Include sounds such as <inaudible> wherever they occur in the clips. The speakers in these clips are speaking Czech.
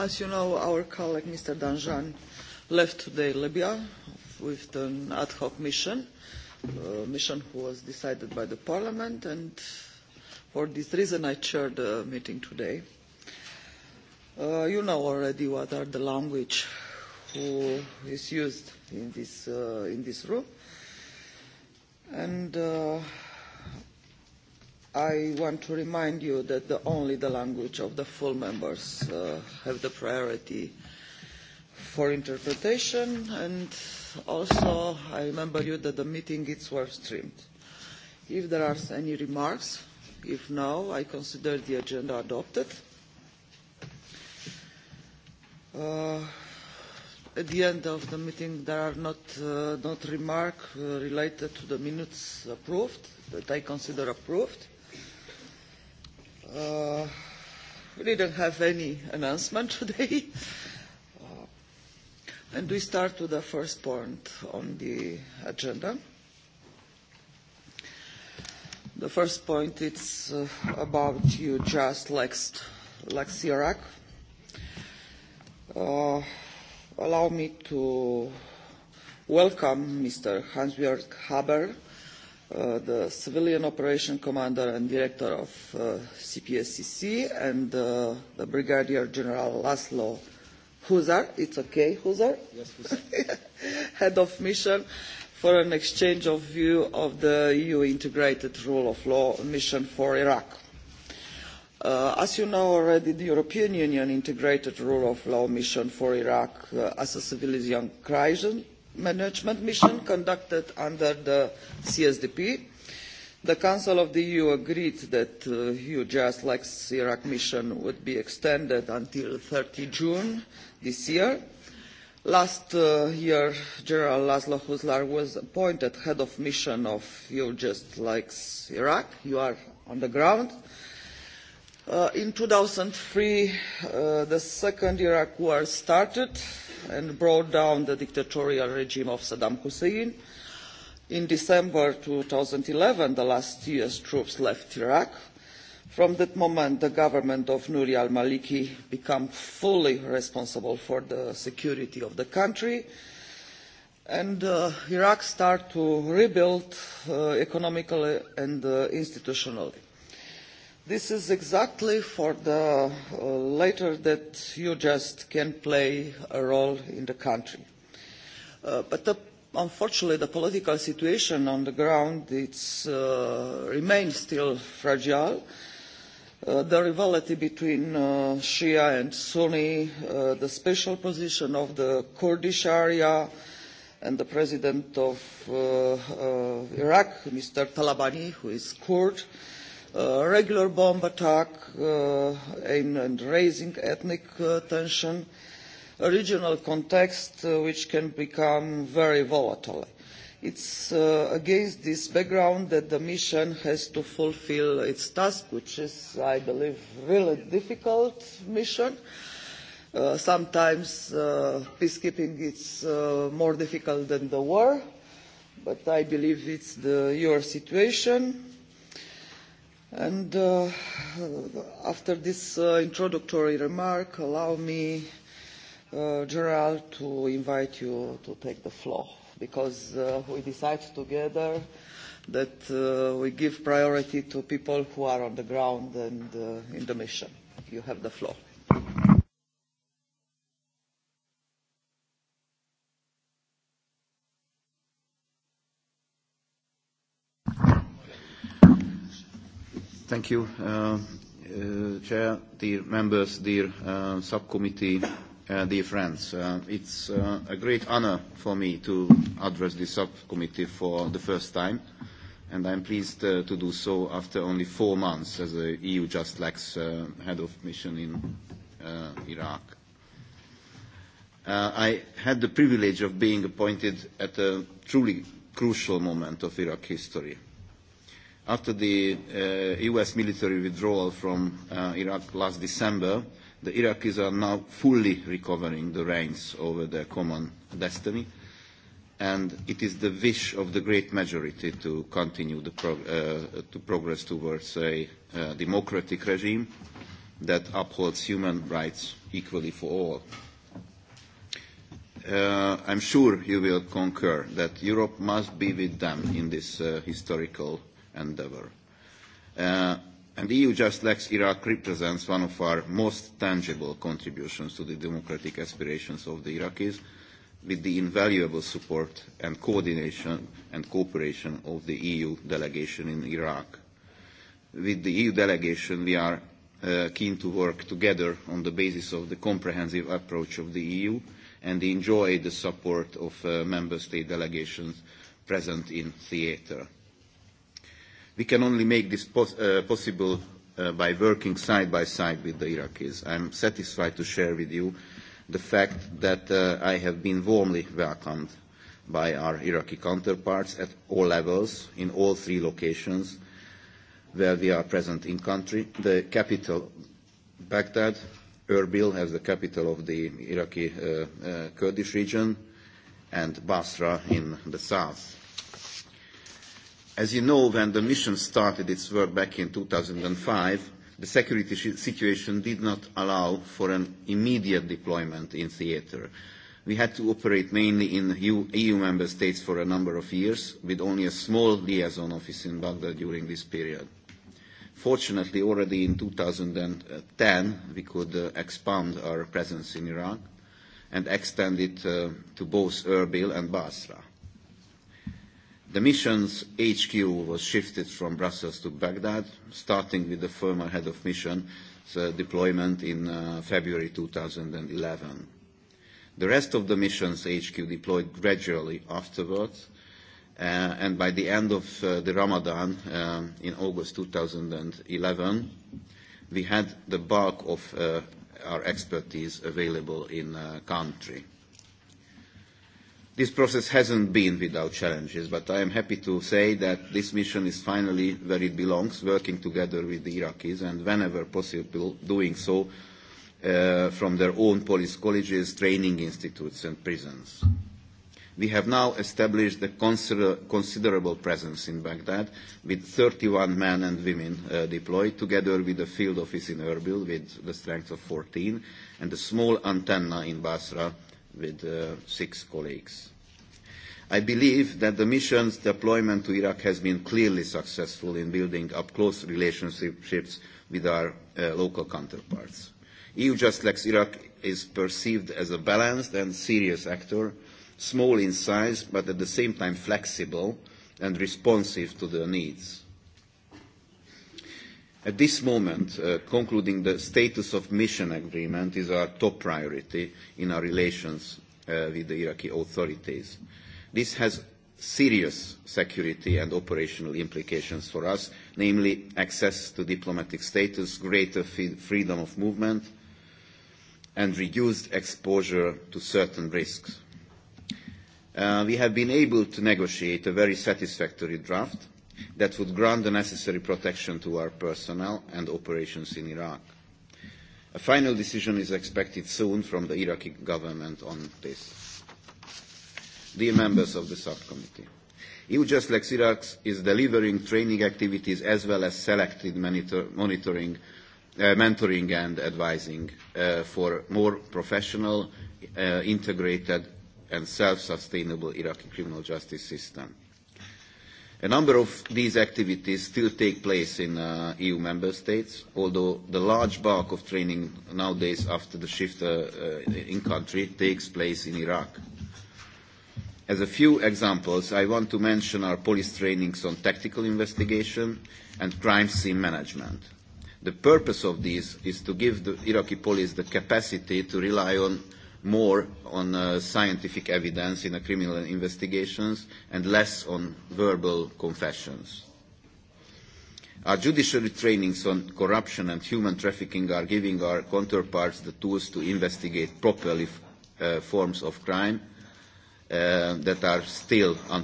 As you know, our colleague, Mr. Danjan, left today Libya with an ad hoc mission, a mission who was decided by the parliament, and for this reason I chaired the meeting today. Uh, you know already what are the language who is used in this, uh, in this room. And... Uh, i want to remind you that the, only the language of the full members uh, have the priority for interpretation, and also I remember you that the meeting is web streamed. If there are any remarks, if no, I consider the agenda adopted. Uh, at the end of the meeting, there are not, uh, not remarks uh, related to the minutes approved that I consider approved. Uh, we didn't have any announcement <laughs> today. Uh, and we start with the first point on the agenda. The first point is uh, about you just Lex, Lex Iraq. Uh, allow me to welcome Mr. Hans-Jörg Haber, Uh, the civilian operation commander and director of uh, CPSCC and uh, the brigadier general Laszlo Huzar, it's okay, Huzar? Yes, Huzar. <laughs> Head of mission for an exchange of view of the EU integrated rule of law mission for Iraq. Uh, as you know already, the European Union integrated rule of law mission for Iraq uh, as a civilian crisis, management mission conducted under the CSDP. The Council of the EU agreed that uh, EUJust, like Iraq mission, would be extended until 30 June this year. Last uh, year, General Laszlo Huslar was appointed head of mission of EUJust, like Iraq. You are on the ground. Uh, in 2003, uh, the second Iraq war started and brought down the dictatorial regime of Saddam Hussein. In December 2011, the last year's troops left Iraq. From that moment, the government of Nouri al-Maliki became fully responsible for the security of the country and uh, Iraq started to rebuild uh, economically and uh, institutionally. This is exactly for the uh, later that you just can play a role in the country. Uh, but the, unfortunately, the political situation on the ground it's, uh, remains still fragile. Uh, the rivalry between uh, Shia and Sunni, uh, the special position of the Kurdish area, and the president of uh, uh, Iraq, Mr. Talabani, who is Kurd, uh, regular bomb attack uh, aimed at raising ethnic uh, tension, a regional context uh, which can become very volatile. It's uh, against this background that the mission has to fulfill its task, which is, I believe, really difficult mission. Uh, sometimes uh, peacekeeping is uh, more difficult than the war, but I believe it's the, your situation And uh, after this uh, introductory remark, allow me, uh, General, to invite you to take the floor because uh, we decide together that uh, we give priority to people who are on the ground and uh, in the mission. You have the floor. Thank you, uh, uh, Chair, dear members, dear uh, subcommittee, uh, dear friends. Uh, it's uh, a great honor for me to address this subcommittee for the first time, and I'm pleased uh, to do so after only four months as the EU Just Lex uh, head of mission in uh, Iraq. Uh, I had the privilege of being appointed at a truly crucial moment of Iraq history After the uh, U.S. military withdrawal from uh, Iraq last December, the Iraqis are now fully recovering the reins over their common destiny, and it is the wish of the great majority to continue the prog uh, to progress towards a uh, democratic regime that upholds human rights equally for all. Uh, I'm sure you will concur that Europe must be with them in this uh, historical endeavor. Uh, and the EU Just Lex Iraq represents one of our most tangible contributions to the democratic aspirations of the Iraqis, with the invaluable support and coordination and cooperation of the EU delegation in Iraq. With the EU delegation, we are uh, keen to work together on the basis of the comprehensive approach of the EU and enjoy the support of uh, member state delegations present in theatre. We can only make this pos uh, possible uh, by working side by side with the Iraqis. I'm satisfied to share with you the fact that uh, I have been warmly welcomed by our Iraqi counterparts at all levels, in all three locations where we are present in country. The capital, Baghdad, Erbil as the capital of the Iraqi uh, uh, Kurdish region, and Basra in the south. As you know, when the mission started its work back in 2005, the security situation did not allow for an immediate deployment in theater. We had to operate mainly in EU e member states for a number of years, with only a small liaison office in Baghdad during this period. Fortunately, already in 2010, we could uh, expand our presence in Iraq and extend it uh, to both Erbil and Basra. The mission's HQ was shifted from Brussels to Baghdad, starting with the former head of mission's deployment in uh, February 2011. The rest of the mission's HQ deployed gradually afterwards, uh, and by the end of uh, the Ramadan um, in August 2011, we had the bulk of uh, our expertise available in uh, country. This process hasn't been without challenges, but I am happy to say that this mission is finally where it belongs, working together with the Iraqis and whenever possible doing so uh, from their own police colleges, training institutes and prisons. We have now established a consider considerable presence in Baghdad with 31 men and women uh, deployed, together with a field office in Erbil with the strength of 14 and a small antenna in Basra with uh, six colleagues. I believe that the mission's deployment to Iraq has been clearly successful in building up close relationships with our uh, local counterparts. EU Just Lex Iraq is perceived as a balanced and serious actor, small in size but at the same time flexible and responsive to the needs At this moment, uh, concluding the status of mission agreement is our top priority in our relations uh, with the Iraqi authorities. This has serious security and operational implications for us, namely access to diplomatic status, greater freedom of movement, and reduced exposure to certain risks. Uh, we have been able to negotiate a very satisfactory draft that would grant the necessary protection to our personnel and operations in Iraq. A final decision is expected soon from the Iraqi government on this. Dear members of the subcommittee, EU Just Iraq is delivering training activities as well as selected monitor monitoring, uh, mentoring and advising uh, for more professional, uh, integrated and self-sustainable Iraqi criminal justice system. A number of these activities still take place in uh, EU member states, although the large bulk of training nowadays after the shift uh, uh, in country takes place in Iraq. As a few examples, I want to mention our police trainings on tactical investigation and crime scene management. The purpose of these is to give the Iraqi police the capacity to rely on more on uh, scientific evidence in a criminal investigations and less on verbal confessions. Our judiciary trainings on corruption and human trafficking are giving our counterparts the tools to investigate properly uh, forms of crime uh, that are still uh,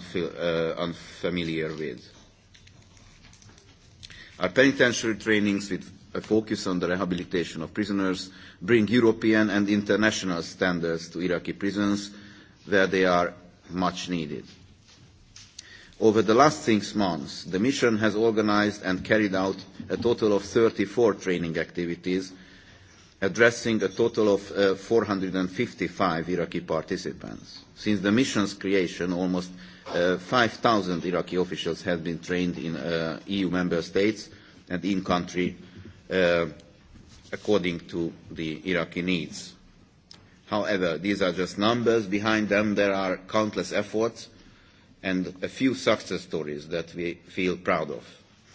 unfamiliar with. Our penitentiary trainings with a focus on the rehabilitation of prisoners, bring European and international standards to Iraqi prisons where they are much needed. Over the last six months, the mission has organized and carried out a total of 34 training activities, addressing a total of uh, 455 Iraqi participants. Since the mission's creation, almost uh, 5,000 Iraqi officials have been trained in uh, EU member states and in-country Uh, according to the Iraqi needs. However, these are just numbers. Behind them, there are countless efforts and a few success stories that we feel proud of.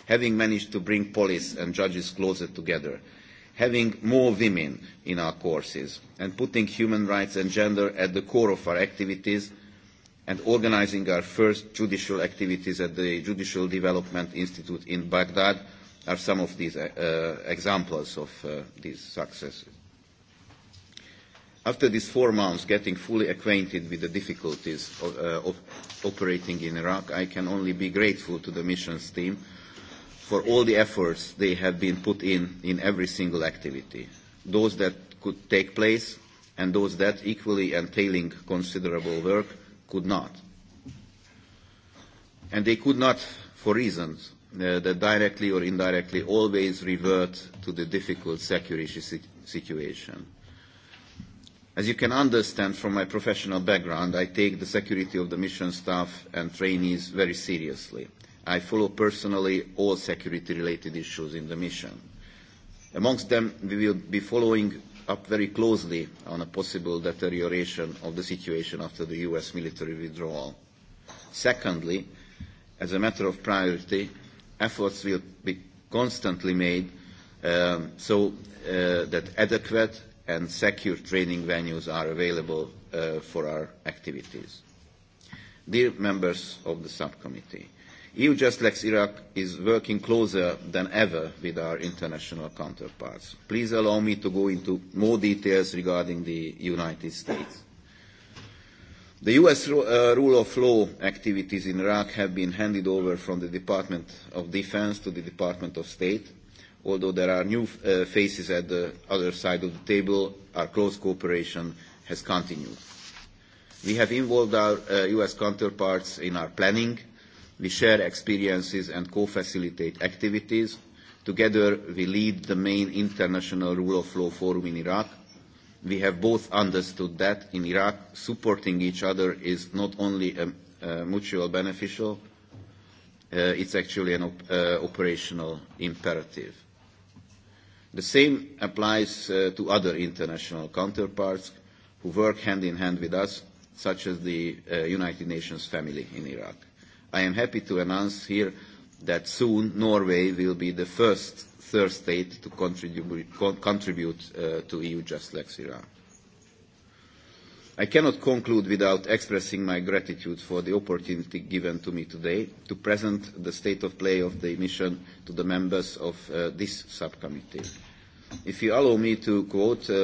Having managed to bring police and judges closer together, having more women in our courses, and putting human rights and gender at the core of our activities, and organizing our first judicial activities at the Judicial Development Institute in Baghdad – are some of these uh, uh, examples of uh, these successes. After these four months getting fully acquainted with the difficulties of, uh, of operating in Iraq, I can only be grateful to the missions team for all the efforts they have been put in in every single activity, those that could take place and those that, equally entailing considerable work, could not. And they could not for reasons Uh, that directly or indirectly always revert to the difficult security situation. As you can understand from my professional background, I take the security of the mission staff and trainees very seriously. I follow personally all security-related issues in the mission. Amongst them, we will be following up very closely on a possible deterioration of the situation after the U.S. military withdrawal. Secondly, as a matter of priority, efforts will be constantly made um, so uh, that adequate and secure training venues are available uh, for our activities. Dear members of the subcommittee, EU Just Lex Iraq is working closer than ever with our international counterparts. Please allow me to go into more details regarding the United States. The U.S. Uh, rule of law activities in Iraq have been handed over from the Department of Defense to the Department of State, although there are new uh, faces at the other side of the table, our close cooperation has continued. We have involved our uh, U.S. counterparts in our planning. We share experiences and co-facilitate activities. Together, we lead the main international rule of law forum in Iraq, we have both understood that in Iraq, supporting each other is not only a, a mutual beneficial, uh, it's actually an op- uh, operational imperative. The same applies uh, to other international counterparts who work hand in hand with us, such as the uh, United Nations family in Iraq. I am happy to announce here that soon Norway will be the first third state to contribute, contribute uh, to EU just Lex Iran. I cannot conclude without expressing my gratitude for the opportunity given to me today to present the state of play of the mission to the members of uh, this subcommittee. If you allow me to quote, uh, uh,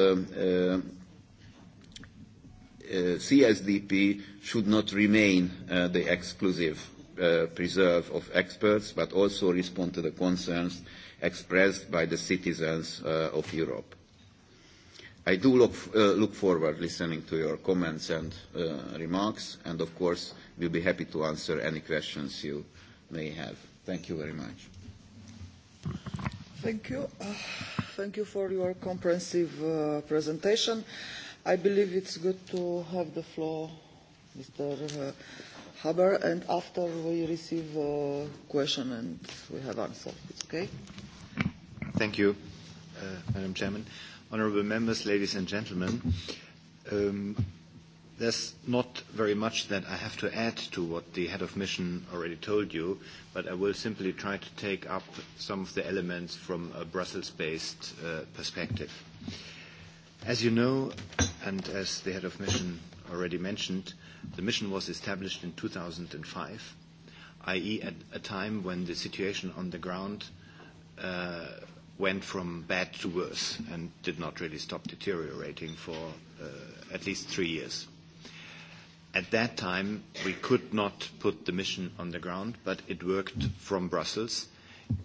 uh CSDP should not remain uh, the exclusive uh, preserve of experts, but also respond to the concerns expressed by the citizens uh, of Europe. I do look, uh, look forward listening to your comments and uh, remarks, and of course, we'll be happy to answer any questions you may have. Thank you very much. Thank you. Uh, <sighs> thank you for your comprehensive uh, presentation. I believe it's good to have the floor, Mr. Uh, Haber, and after we receive a uh, question and we have answers. Okay? Thank you, uh, Madam Chairman. Honourable members, ladies and gentlemen, um, there's not very much that I have to add to what the head of mission already told you, but I will simply try to take up some of the elements from a Brussels-based uh, perspective. As you know, and as the head of mission already mentioned, the mission was established in 2005, i.e., at a time when the situation on the ground uh, went from bad to worse and did not really stop deteriorating for uh, at least three years. At that time, we could not put the mission on the ground, but it worked from Brussels,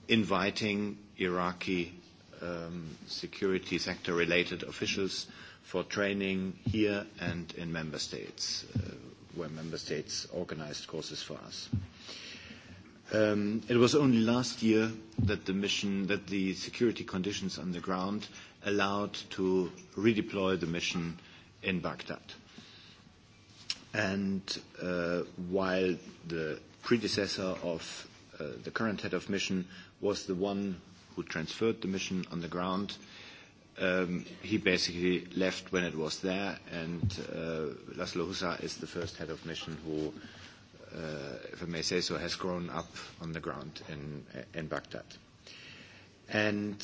inviting Iraqi um, security sector related officials for training here and in member states, uh, where member states organized courses for us. Um, it was only last year that the mission, that the security conditions on the ground allowed to redeploy the mission in Baghdad. And uh, while the predecessor of uh, the current head of mission was the one who transferred the mission on the ground, um, he basically left when it was there, and uh, Laszlo Husa is the first head of mission who Uh, if I may say so, has grown up on the ground in, in Baghdad. And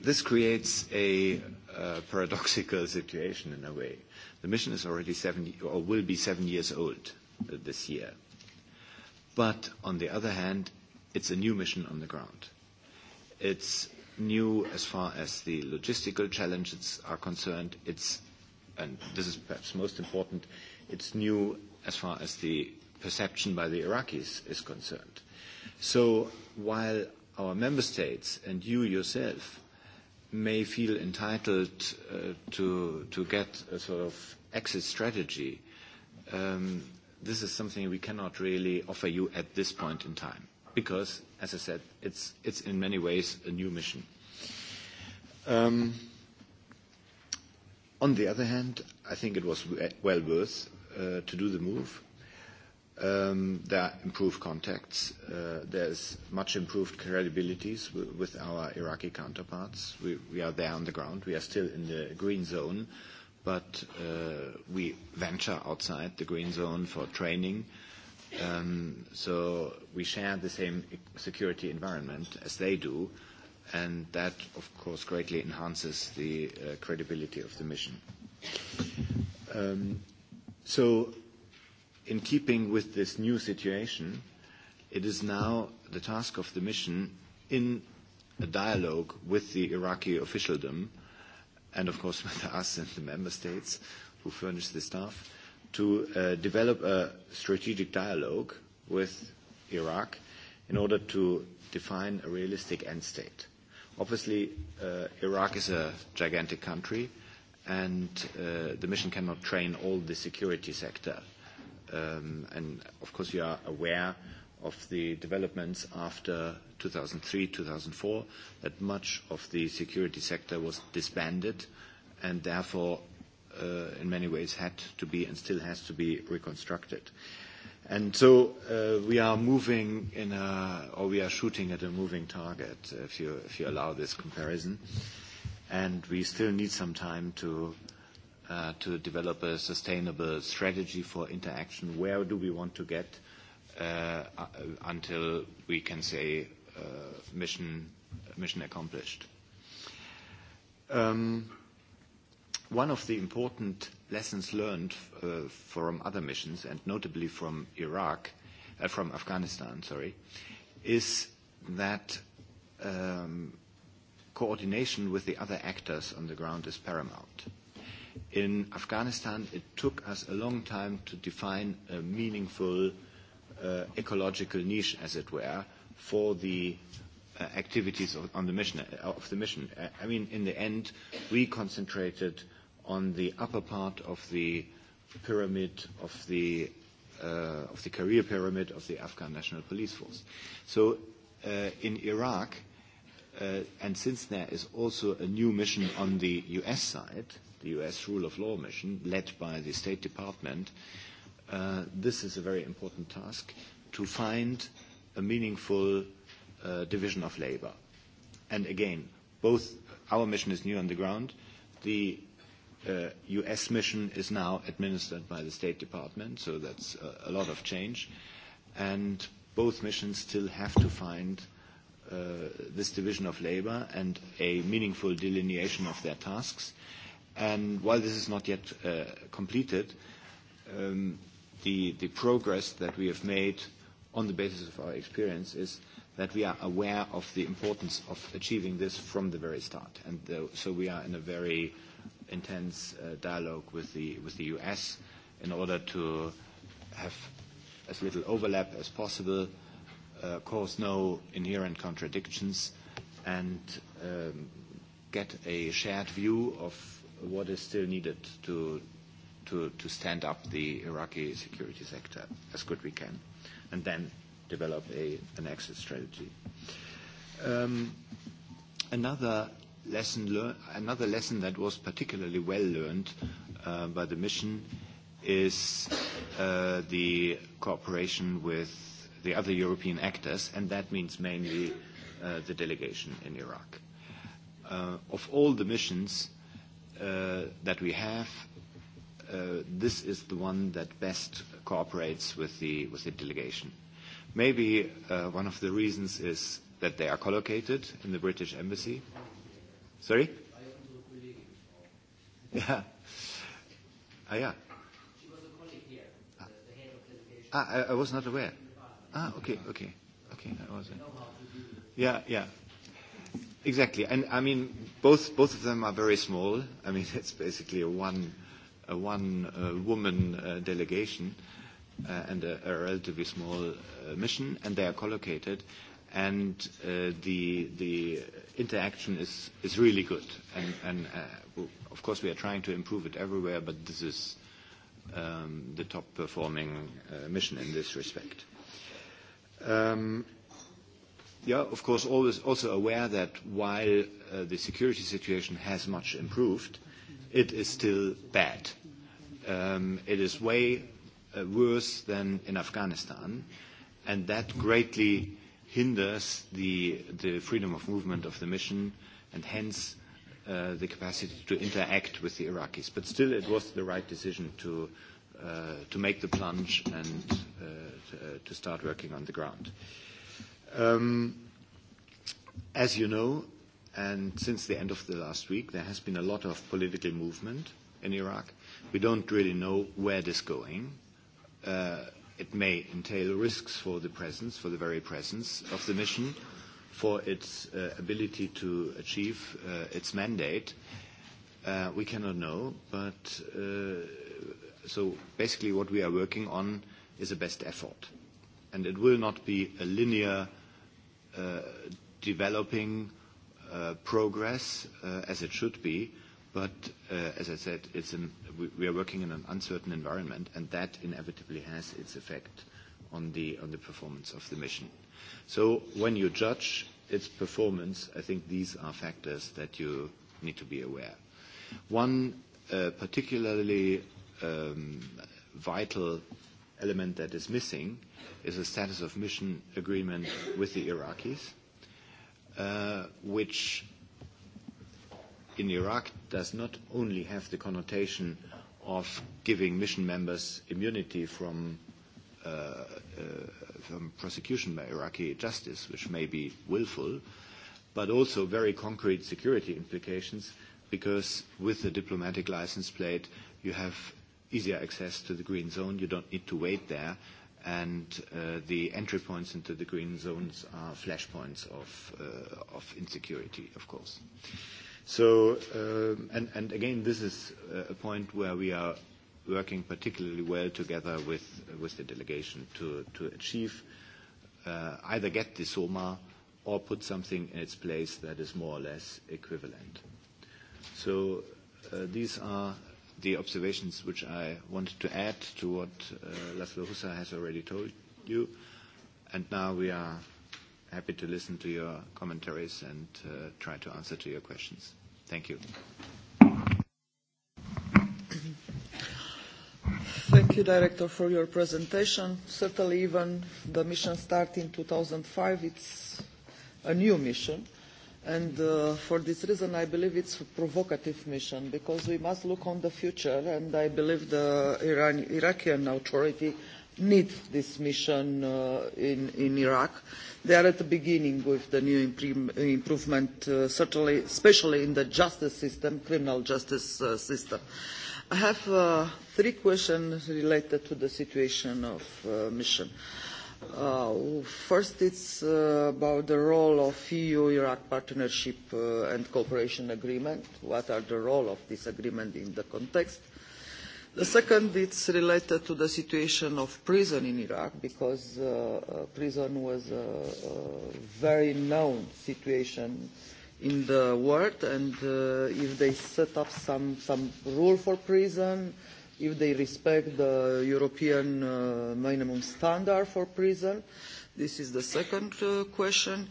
this creates a uh, paradoxical situation in a way. The mission is already seven, or will be seven years old uh, this year. But on the other hand, it's a new mission on the ground. It's new as far as the logistical challenges are concerned. It's, and this is perhaps most important, it's new as far as the perception by the Iraqis is concerned. So while our member states and you yourself may feel entitled uh, to, to get a sort of exit strategy, um, this is something we cannot really offer you at this point in time because, as I said, it's, it's in many ways a new mission. Um, on the other hand, I think it was well worth uh, to do the move Um, there are improved contacts. There uh, there's much improved credibilities with our Iraqi counterparts. We, are there on the ground. We are still in the green zone, but uh, we venture outside the green zone for training. Um, so we share the same e-, security environment as they do, and that, of course, greatly enhances the uh, credibility of the mission. Um, so in keeping with this new situation, it is now the task of the mission in a dialogue with the Iraqi officialdom and, of course, <laughs> with us and the member states who furnish the staff to uh, develop a strategic dialogue with Iraq in order to define a realistic end state. Obviously, uh, Iraq is a gigantic country, and uh, the mission cannot train all the security sector Um, and of course, you are aware of the developments after 2003, 2004, that much of the security sector was disbanded and therefore, uh, in many ways, had to be and still has to be reconstructed. so uh, we are moving in a, or we are shooting at a moving target, if you, allow this comparison. we still need some time to Uh, to develop a sustainable strategy for interaction. Where do we want to get uh, uh, until we can say mission, mission accomplished? Um, one of the important lessons learned uh, from other missions, and notably from Iraq, uh, from Afghanistan, sorry, is that um, coordination with the other actors on the ground is paramount. In Afghanistan, it took us a long time to define a meaningful uh, ecological niche, as it were, for the uh, activities of, on the mission, uh, of the mission. Uh, I mean, in the end, we concentrated on the upper part of the pyramid of the uh, of the career pyramid of the Afghan National Police Force. So uh, in Iraq, uh, and since there is also a new mission on the U.S. side, the U.S. Rule of Law Mission, led by the State Department, uh, this is a very important task to find a meaningful uh, division of labor. And again, both our mission is new on the ground. The uh, U.S. mission is now administered by the State Department, so that's a, a lot of change. And both missions still have to find uh, this division of labor and a meaningful delineation of their tasks. Uh, And while this is not yet uh, completed, um, the, progress that we have made on the basis of our experience is that we are aware of the importance of achieving this from the very start. And uh, so we are in a very intense uh, dialogue with the, US in order to have as little overlap as possible, cause no inherent contradictions, and um, get a shared view of what is still needed to, to, to stand up the Iraqi security sector as good we can, and then develop a, an exit strategy. Um, another lesson lear- another lesson that was particularly well learned uh, by the mission is uh, the cooperation with the other European actors, and that means mainly uh, the delegation in Iraq. Uh, of all the missions, uh, that we have, uh, this is the one that best cooperates with the, with the delegation. Maybe uh, one of the reasons is that they are collocated in the British Embassy. Sorry? Yeah. Ah, yeah. She was a colleague here, the, head of delegation. Ah, I, I was not aware. Ah, okay, okay, okay. I was. Yeah, yeah. Exactly. And I mean, both both of them are very small. I mean, it's <laughs> basically a one a one uh, woman uh, delegation uh, and a, a relatively small uh, mission, and they are collocated. And uh, the the interaction is is really good. And and uh, of course, we are trying to improve it everywhere, but this is um, the top performing uh, mission in this respect. Um, Yeah, of course, always also aware that while uh, the security situation has much improved, it is still bad. Um, it is way uh, worse than in Afghanistan, and that greatly hinders the, the freedom of movement of the mission and hence uh, the capacity to interact with the Iraqis. But still, it was the right decision to, uh, to make the plunge and uh, to, uh, to start working on the ground. Uh, Um, as you know, and since the end of the last week, there has been a lot of political movement in Iraq. We don't really know where this is going. Uh, it may entail risks for the presence, for the very presence of the mission, for its uh, ability to achieve uh, its mandate. Uh, we cannot know, but uh, so basically what we are working on is a best effort. And it will not be a linear Uh, developing uh, progress uh, as it should be. But as I said, it's an, we, are working in an uncertain environment, and that inevitably has its effect on the, on the performance of the mission. So when you judge its performance, I think these are factors that you need to be aware. One particularly um, vital element that is missing is a status of mission agreement with the Iraqis, uh, which in Iraq does not only have the connotation of giving mission members immunity from, uh, uh, from prosecution by Iraqi justice, which may be willful, but also very concrete security implications because with the diplomatic license plate, you have easier access to the green zone. You don't need to wait there. And uh, the entry points into the green zones are flashpoints of, uh, of insecurity, of course. So, um, and, and again, this is uh, a point where we are working particularly well together with, uh, with the delegation to, to achieve uh, either get the SOMA or put something in its place that is more or less equivalent. So uh, these are the observations which I wanted to add to what uh, Laszlo Husa has already told you. And now we are happy to listen to your commentaries and uh, try to answer to your questions. Thank you. Thank you, Director, for your presentation. Certainly, even the mission starting in 2005, it's a new mission. And uh, for this reason, I believe it's a provocative mission because we must look on the future. And I believe the Iran Iraqi authority need this mission uh, in, in Iraq. They are at the beginning with the new improvement, uh, certainly, especially in the justice system, criminal justice uh, system. I have uh, three questions related to the situation of uh, mission. Uh, Uh, first, it's uh, about the role of EU-Iraq partnership uh, and cooperation agreement. What are the role of this agreement in the context? The second, it's related to the situation of prison in Iraq, because uh, uh prison was a, a very known situation in the world, and uh, if they set up some, some rule for prison, uh, if they respect the European uh, minimum standard for prison? This is the second uh, question.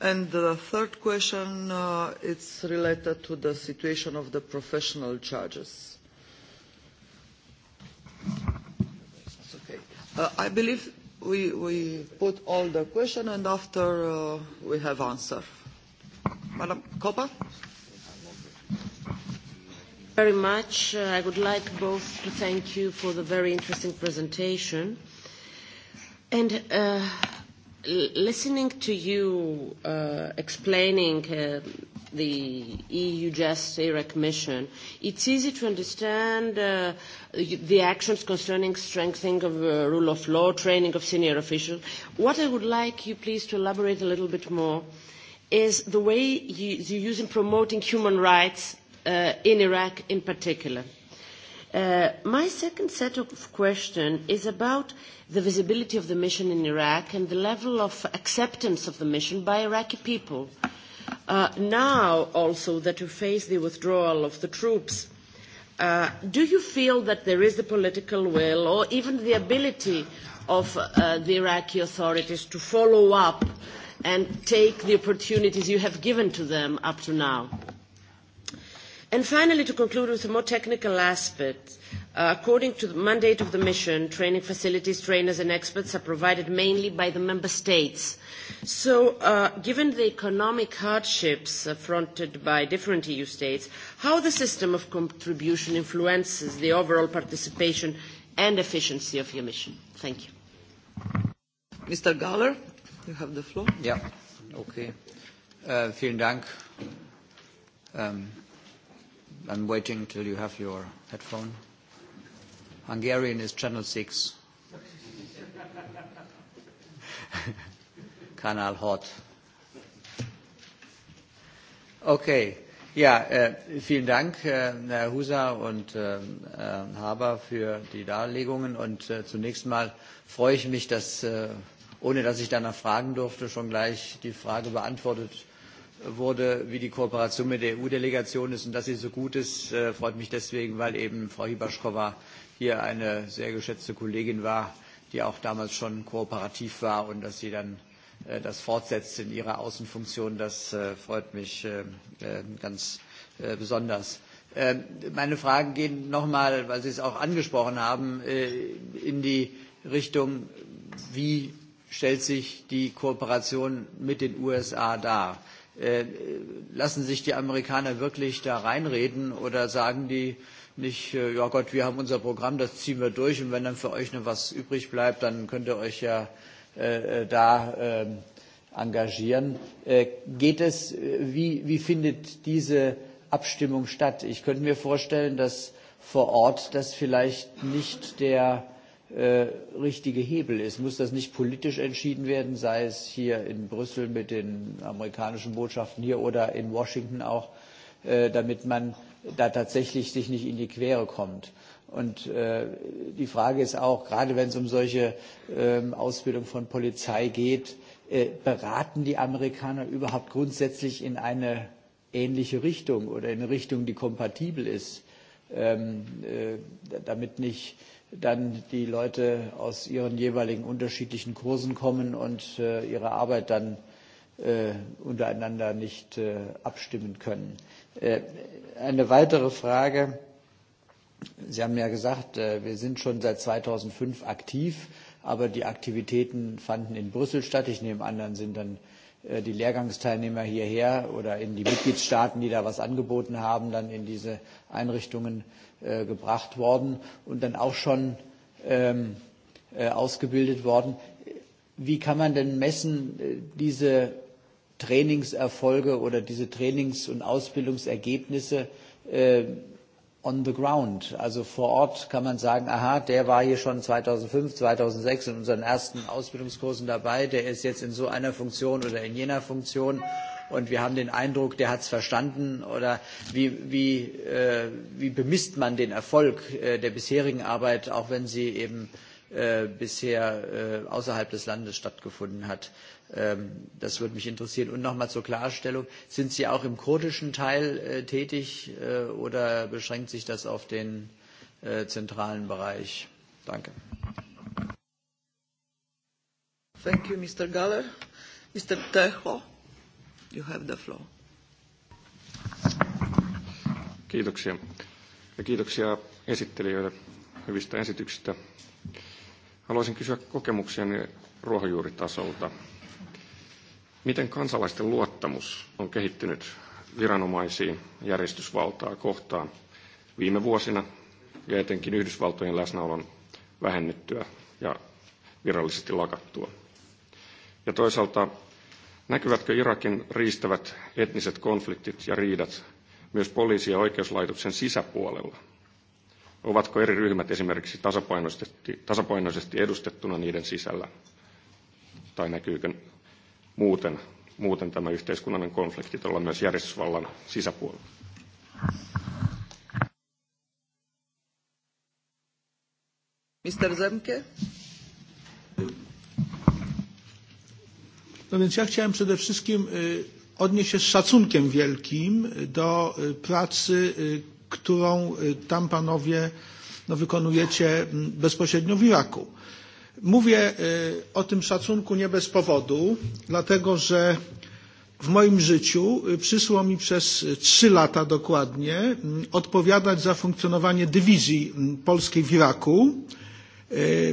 And the third question, uh, it's related to the situation of the professional judges. Okay. Uh, I believe we, we put all the question and after uh, we have answer. Madam Coppa? very much. I would like both to thank you for the very interesting presentation. And uh, listening to you uh, explaining uh, the EU Just Iraq mission, it's easy to understand the actions concerning strengthening of rule of law, training of senior officials. What I would like you please to elaborate a little bit more is the way you use in promoting human rights uh, in Iraq in particular. Uh, my second set of questions is about the visibility of the mission in Iraq and the level of acceptance of the mission by Iraqi people. Uh, now also that you face the withdrawal of the troops, uh, do you feel that there is the political will or even the ability of uh, the Iraqi authorities to follow up and take the opportunities you have given to them up to now? And finally, to conclude with a more technical aspect, uh, according to the mandate of the mission, training facilities, trainers and experts are provided mainly by the member states. So uh, given the economic hardships affronted by different EU states, how the system of contribution influences the overall participation and efficiency of your mission? Thank you. Mr. Galler, you have the floor. Yeah, okay. Uh, vielen Dank. Ähm, I'm waiting till you have your headphone. Hungarian is channel 6. Canal <laughs> Hot. Okay. Ja, äh, vielen Dank, äh, Herr Huser und äh, äh, Haber, für die Darlegungen. Und äh, zunächst mal freue ich mich, dass, äh, ohne dass ich danach fragen durfte, schon gleich die Frage beantwortet wurde, wie die Kooperation mit der EU-Delegation ist. Und dass sie so gut ist, äh, freut mich deswegen, weil eben Frau Hibaschkova hier eine sehr geschätzte Kollegin war, die auch damals schon kooperativ war und dass sie dann äh, das fortsetzt in ihrer Außenfunktion. Das äh, freut mich ganz besonders. Ähm, meine Fragen gehen nochmal, weil Sie es auch angesprochen haben, in die Richtung, wie stellt sich die Kooperation mit den USA dar? Äh, lassen sich die Amerikaner wirklich da reinreden oder sagen die nicht, äh, ja Gott, wir haben unser Programm, das ziehen wir durch und wenn dann für euch noch was übrig bleibt, dann könnt ihr euch ja äh, äh da äh, engagieren. Äh, geht es, wie, wie findet diese Abstimmung statt? Ich könnte mir vorstellen, dass vor Ort das vielleicht nicht der Äh, richtige Hebel ist. Muss das nicht politisch entschieden werden, sei es hier in Brüssel mit den amerikanischen Botschaften hier oder in Washington auch, äh, damit man da tatsächlich sich nicht in die Quere kommt? Und äh, die Frage ist auch, gerade wenn es um solche ähm, Ausbildung von Polizei geht, beraten die Amerikaner überhaupt grundsätzlich in eine ähnliche Richtung oder in eine Richtung, die kompatibel ist, ähm, damit nicht dann die Leute aus ihren jeweiligen unterschiedlichen Kursen kommen und äh, ihre Arbeit dann äh, untereinander nicht äh, abstimmen können. Äh, eine weitere Frage. Sie haben ja gesagt, äh, wir sind schon seit 2005 aktiv, aber die Aktivitäten fanden in Brüssel statt. Ich nehme an, dann sind dann äh, Äh, die Lehrgangsteilnehmer hierher oder in die Mitgliedstaaten, die da was angeboten haben, dann in diese Einrichtungen äh, gebracht worden und dann auch schon ähm, äh, ausgebildet worden. Wie kann man denn messen, äh, diese Trainingserfolge oder diese Trainings- und Ausbildungsergebnisse, äh, on the ground. Also vor Ort kann man sagen, aha, der war hier schon 2005, 2006 in unseren ersten Ausbildungskursen dabei, der ist jetzt in so einer Funktion oder in jener Funktion und wir haben den Eindruck, der hat es verstanden oder wie, wie, äh, wie bemisst man den Erfolg äh, der bisherigen Arbeit, auch wenn sie eben äh, bisher äh, außerhalb des Landes stattgefunden hat. Ähm, das würde mich interessieren. Und nochmal zur Klarstellung, sind Sie auch im kurdischen Teil äh, tätig äh, oder beschränkt sich das auf den äh, zentralen Bereich? Danke. Thank you, Mr. Galler. Mr. Teho, you have the floor. Kiitoksia. Ja kiitoksia esittelijöille hyvistä esityksistä. Haluaisin kysyä kokemuksiani ruohonjuuritasolta. Miten kansalaisten luottamus on kehittynyt viranomaisiin järjestysvaltaa kohtaan viime vuosina ja etenkin Yhdysvaltojen läsnäolon vähennettyä ja virallisesti lakattua? Ja toisaalta, näkyvätkö Irakin riistävät etniset konfliktit ja riidat myös poliisi- ja oikeuslaitoksen sisäpuolella? Ovatko eri ryhmät esimerkiksi tasapainoisesti, tasapainoisesti edustettuna niiden sisällä? Tai näkyykö muuten, muuten tämä yhteiskunnallinen konflikti tuolla myös järjestysvallan sisäpuolella. Mr. Zemke? No więc ja chciałem przede wszystkim odnieść się z szacunkiem wielkim do pracy, którą tam panowie no, wykonujecie mm, bezpośrednio w Iraku. Mówię o tym szacunku nie bez powodu, dlatego że w moim życiu przyszło mi przez trzy lata dokładnie odpowiadać za funkcjonowanie dywizji polskiej w Iraku.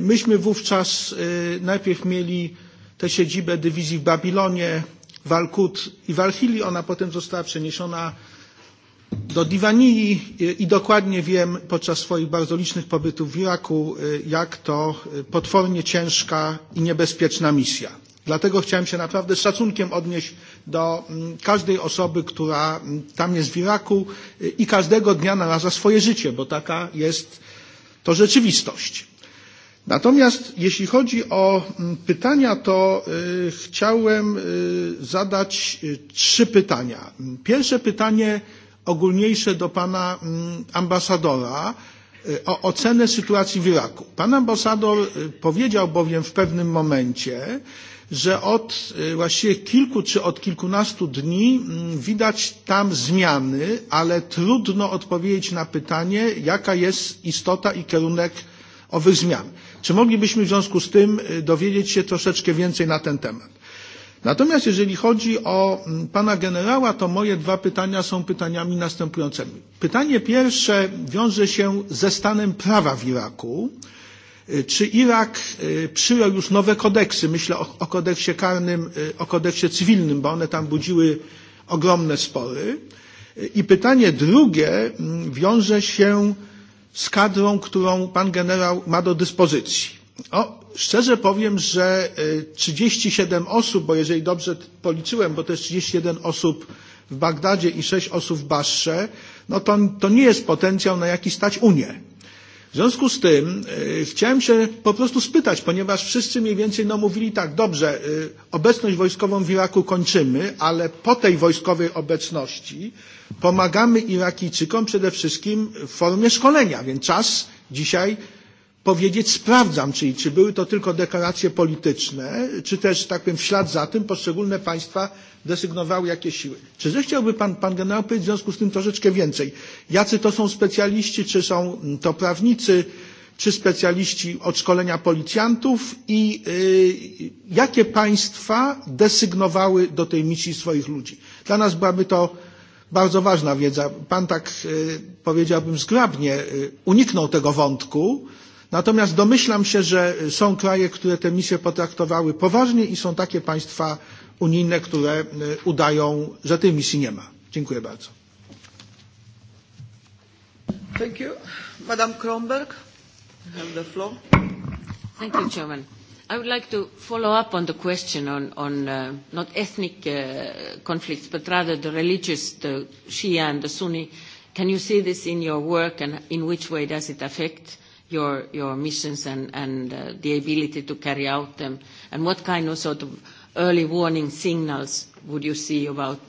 Myśmy wówczas najpierw mieli tę siedzibę dywizji w Babilonie, w al kut i w Al-Hili. Ona potem została przeniesiona do Diwanii i dokładnie wiem podczas swoich bardzo licznych pobytów w Iraku, jak to potwornie ciężka i niebezpieczna misja. Dlatego chciałem się naprawdę z szacunkiem odnieść do mm, każdej osoby, która mm, tam jest w Iraku i każdego dnia naraża swoje życie, bo taka jest to rzeczywistość. Natomiast jeśli chodzi o mm, pytania, to chciałem zadać trzy pytania. Pierwsze pytanie ogólniejsze do pana mm, ambasadora e, o ocenę sytuacji w Iraku. Pan ambasador e, powiedział bowiem w pewnym momencie, że od e, właściwie kilku czy od kilkunastu dni mm, widać tam zmiany, ale trudno odpowiedzieć na pytanie, jaka jest istota i kierunek owych zmian. Czy moglibyśmy w związku z tym dowiedzieć się troszeczkę więcej na ten temat? Natomiast jeżeli chodzi o mm, pana generała, to moje dwa pytania są pytaniami następującymi. Pytanie pierwsze wiąże się ze stanem prawa w Iraku. Czy Irak przyjął już nowe kodeksy? Myślę o, o kodeksie karnym, o kodeksie cywilnym, bo one tam budziły ogromne spory. I pytanie drugie mm, wiąże się z kadrą, którą pan generał ma do dyspozycji. O, szczerze powiem, że 37 e, osób, bo jeżeli dobrze policzyłem, bo to jest 31 osób w Bagdadzie i 6 osób w Basrze, no to, to nie jest potencjał, na jaki stać Unię. W związku z tym y, e, chciałem się po prostu spytać, ponieważ wszyscy mniej więcej no, mówili tak, dobrze, y, e, obecność wojskową w Iraku kończymy, ale po tej wojskowej obecności pomagamy Irakijczykom przede wszystkim w formie szkolenia, więc czas dzisiaj powiedzieć sprawdzam, czyli czy były to tylko deklaracje polityczne, czy też, tak powiem, w ślad za tym poszczególne państwa desygnowały jakieś siły. Czy zechciałby pan, pan generał powiedzieć w związku z tym troszeczkę więcej? Jacy to są specjaliści, czy są mm, to prawnicy, czy specjaliści od szkolenia policjantów i y, jakie państwa desygnowały do tej misji swoich ludzi? Dla nas byłaby to bardzo ważna wiedza. Pan tak, y, powiedziałbym zgrabnie, y, uniknął tego wątku, Natomiast domyślam się, że są kraje, które te misje potraktowały poważnie i są takie państwa unijne, które udają, że tej misji nie ma. Dziękuję bardzo. Thank you. Madam Kronberg, have the floor. Thank you, Chairman. I would like to follow up on the question on, on uh, not ethnic uh, conflicts, but rather the religious, the Shia and the Sunni. Can you see this in your work, and in which way does it affect uh, your, missions and, uh, the ability to carry out them? And what kind of sort of early warning signals would you see about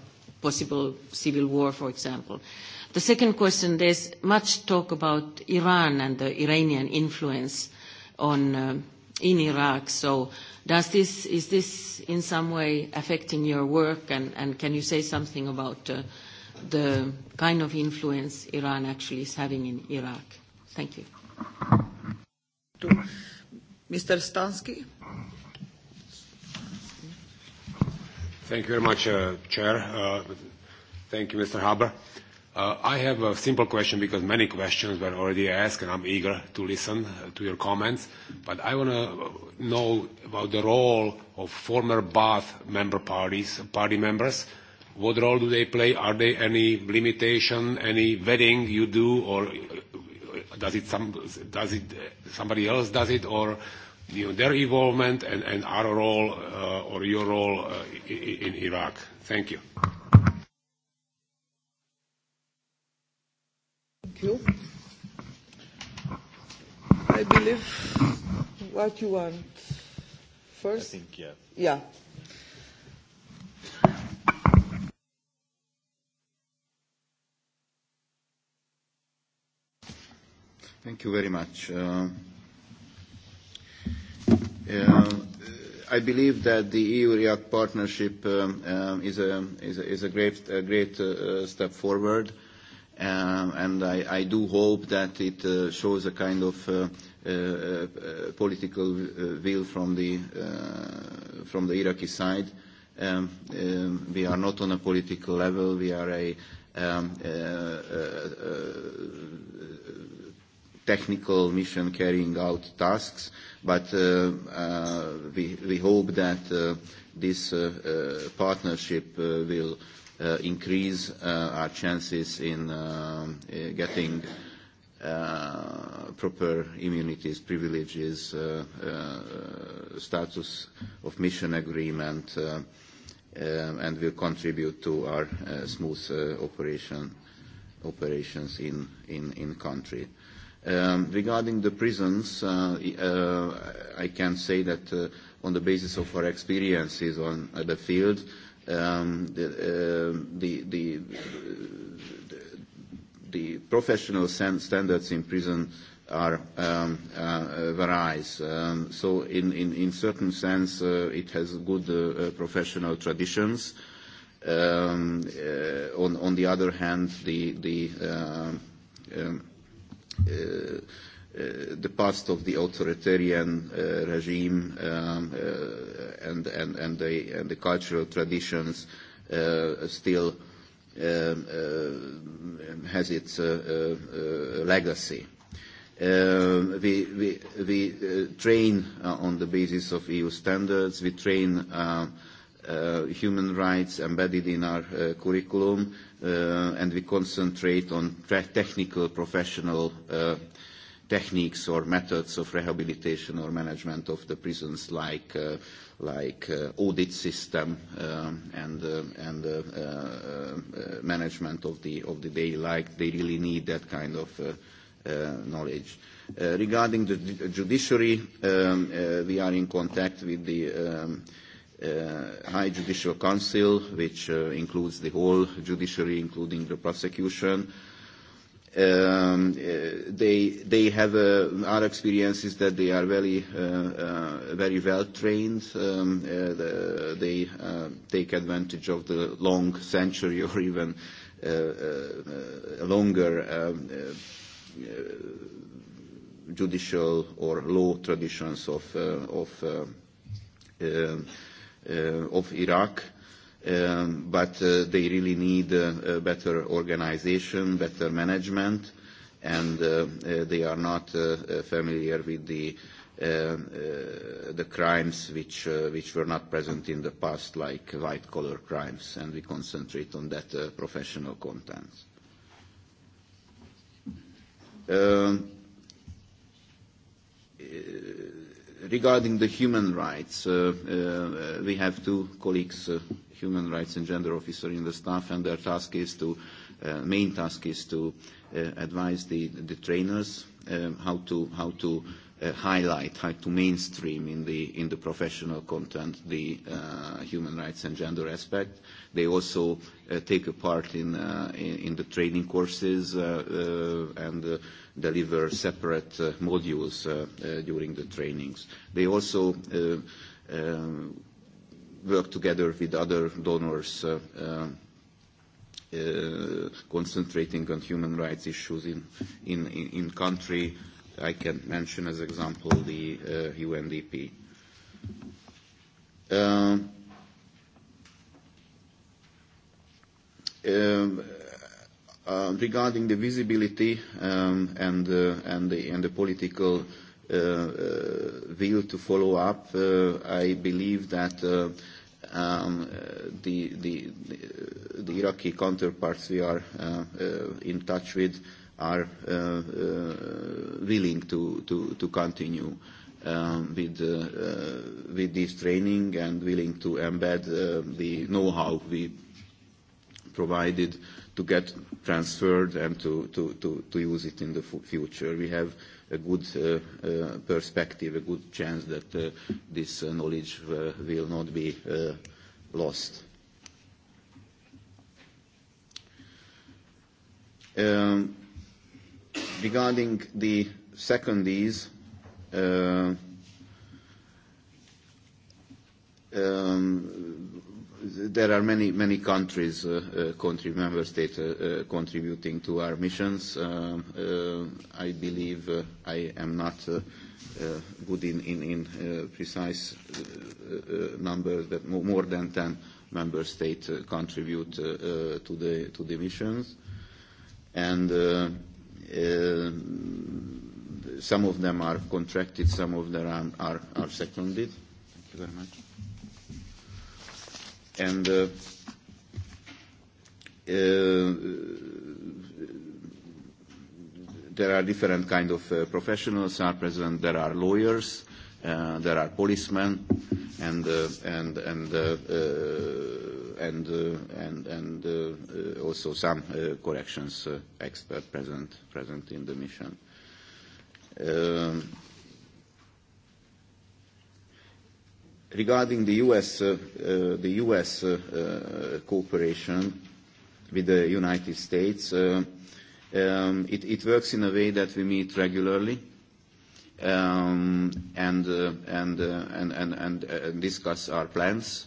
possible civil war, for example? The second question, there's much talk about Iran and the Iranian influence on, uh, in Iraq. So does this, is this in some way affecting your work? And, can you say something about uh, the kind of influence Iran actually is having in Iraq? Thank you. To Mr. Stansky. Thank you very much, uh, Chair. Uh, thank you, Mr. Haber. Uh, I have a simple question because many questions were already asked, and I'm eager to listen uh, to your comments. But I want to know about the role of former Bath member parties, party members. What role do they play? Are there any limitation, any vetting you do, or does it some does it somebody else does it or you know, their involvement and, and our role uh, or your role uh, in, in Iraq. Thank you. Thank you. I believe what you want first. I think yeah. Yeah. Thank you very much. Uh, uh, I believe that the EU-REACT partnership um, um, is, a, is, a, is a great, a great uh, step forward, um, and I, I do hope that it uh, shows a kind of uh, uh, uh, political uh, will from the, uh, from the Iraqi side. Um, um, we are not on a political level. We are a um, uh, uh, uh, technical mission carrying out tasks, but uh, uh, we, we hope that uh, this uh, uh, partnership uh, will uh, increase uh, our chances in uh, uh getting uh, proper immunities, privileges, uh, uh, status of mission agreement, uh, uh, and will contribute to our uh, smooth uh, operation, operations in, in, in country. Um, regarding the prisons, uh, uh, I can say that uh, on the basis of our experiences on the field, um, um, the, professional standards in prison are um, varies. so in, certain sense, it has good professional traditions. on, the other hand, the, Uh, the past of the authoritarian uh, regime um, uh, and, and, and, the, and the cultural traditions still um, has its legacy. Uh, we, we, we uh, train uh, on the basis of EU standards. We train uh, human rights embedded in our uh, curriculum, uh, and we concentrate on technical professional uh, techniques or methods of rehabilitation or management of the prisons like uh, like uh, audit system um, and uh, and uh, uh, uh management of the of the day like they really need that kind of uh, uh, knowledge. Uh, regarding the judiciary, um, uh, we are in contact with the um, uh, High Judicial Council, which uh, includes the whole judiciary, including the prosecution. Um, uh, they they have uh, our experience is that they are very uh, uh, very well trained. Um, uh, the, they uh, take advantage of the long century <laughs> or even uh, uh, longer. Um, uh, judicial or law traditions of uh, of uh, uh, Uh, of Iraq, uh, but uh, they really need better organization, better management, and they are not familiar with the Uh, uh, the crimes which, uh, which were not present in the past, like white-collar crimes, and we concentrate on that professional content. Um, regarding the human rights, uh, uh, we have two colleagues, uh, human rights and gender officer in the staff, and their task is to, uh, main task is to uh, advise the, the trainers um, how to, how to uh, highlight, how to mainstream in the, in the professional content the uh, human rights and gender aspect. They also uh, take a part in, uh, in, in the training courses uh, uh, and uh, deliver separate uh, modules uh, uh, during the trainings. They also work together with other donors concentrating on human rights issues in, country. I can mention as example the UNDP. Uh, regarding the visibility um, and, uh, and, the, and the political uh, uh will to follow up, uh, I believe that um, the, the, the Iraqi counterparts we are in touch with are willing to, to, to continue um, with, with this training and willing to embed the know-how we provided to get transferred and to, to, to, to use it in the future. We have a good uh, uh, perspective, a good chance that uh, this uh, knowledge uh, will not be uh, lost. Um, regarding the second is, uh, um, there are many, many countries, uh, uh, country member states uh, uh, contributing to our missions. Um, uh, I believe uh, I am not uh, uh, good in, in, in uh, precise uh, uh, numbers, that more than 10 member states uh, contribute uh, uh, to, the, to the missions. And uh, uh, some of them are contracted, some of them are, are, are seconded. Thank you very much. And uh, uh, there are different kind of uh, professionals are present. There are lawyers, uh, there are policemen, and uh, and and. Uh, uh, and uh, and and uh, uh, also some uh, corrections uh, expert present present in the mission. Um, regarding the U.S. Uh, uh, the US uh, uh, cooperation with the United States, uh, um, it, it works in a way that we meet regularly um, and, uh, and, uh, and, and, and, uh, discuss our plans.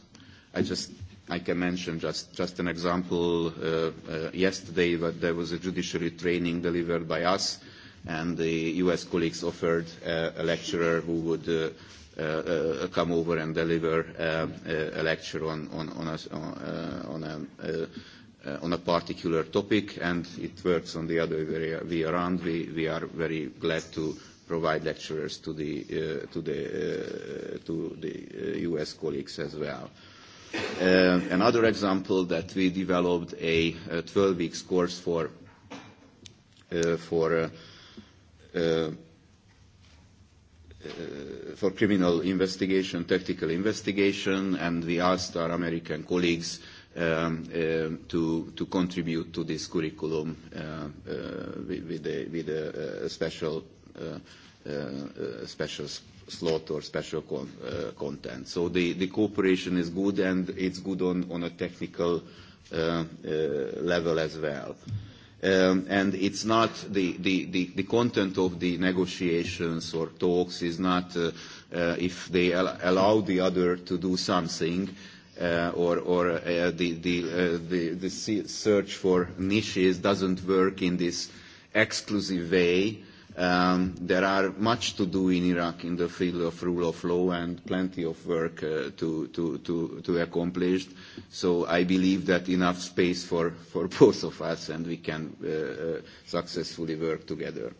I just I can mention just, just an example. Uh, uh, yesterday, but there was a judiciary training delivered by us, and the U.S. colleagues offered uh, a lecturer who would uh, Uh, uh, come over and deliver uh, uh, a lecture on, on, on, a, on a, Uh, on a particular topic, and it works on the other way around. We, we are very glad to provide lecturers to the, uh, to the, uh, to the U.S. colleagues as well. Another example that we developed a 12 weeks course for, for Uh, for criminal investigation, tactical investigation, and we asked our American colleagues um, uh, to, to contribute to this curriculum uh, uh, with, a, with a, special, uh, uh, special slot or special con uh, content. So the, the cooperation is good, and it's good on, on a technical uh, uh, level as well. Um, and it's not the, content of the negotiations or talks is not uh, uh, if they allow the other to do something uh, or, the search for niches doesn't work in this exclusive way Um, there are much to do in Iraq in the field of rule of law and plenty of work uh, to, to, to, to accomplish. So I believe that enough space for, for <laughs> both of us and we can uh, uh, successfully work together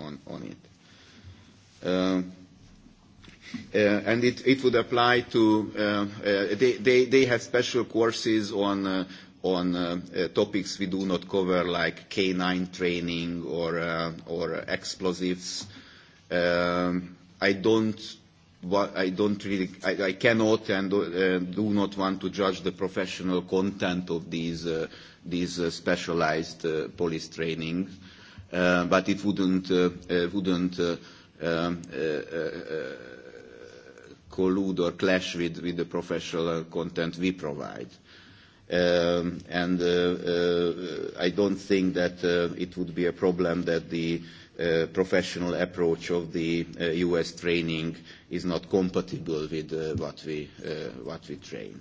on, on it. Um, uh, and it, it would apply to, uh, uh, they, they, they have special courses on uh, on uh, uh, topics we do not cover, like canine training or, uh, or explosives. Um, I don't I don't really, I, I cannot and uh, do not want to judge the professional content of these, uh, these uh, specialized uh, police training, uh, but it wouldn't, uh, uh wouldn't uh, um, uh, uh, uh, collude or clash with, with the professional content we provide. Um, and uh, uh, I don't think that uh, it would be a problem that the uh, professional approach of the uh, US training is not compatible with uh, what, we, uh, what we train.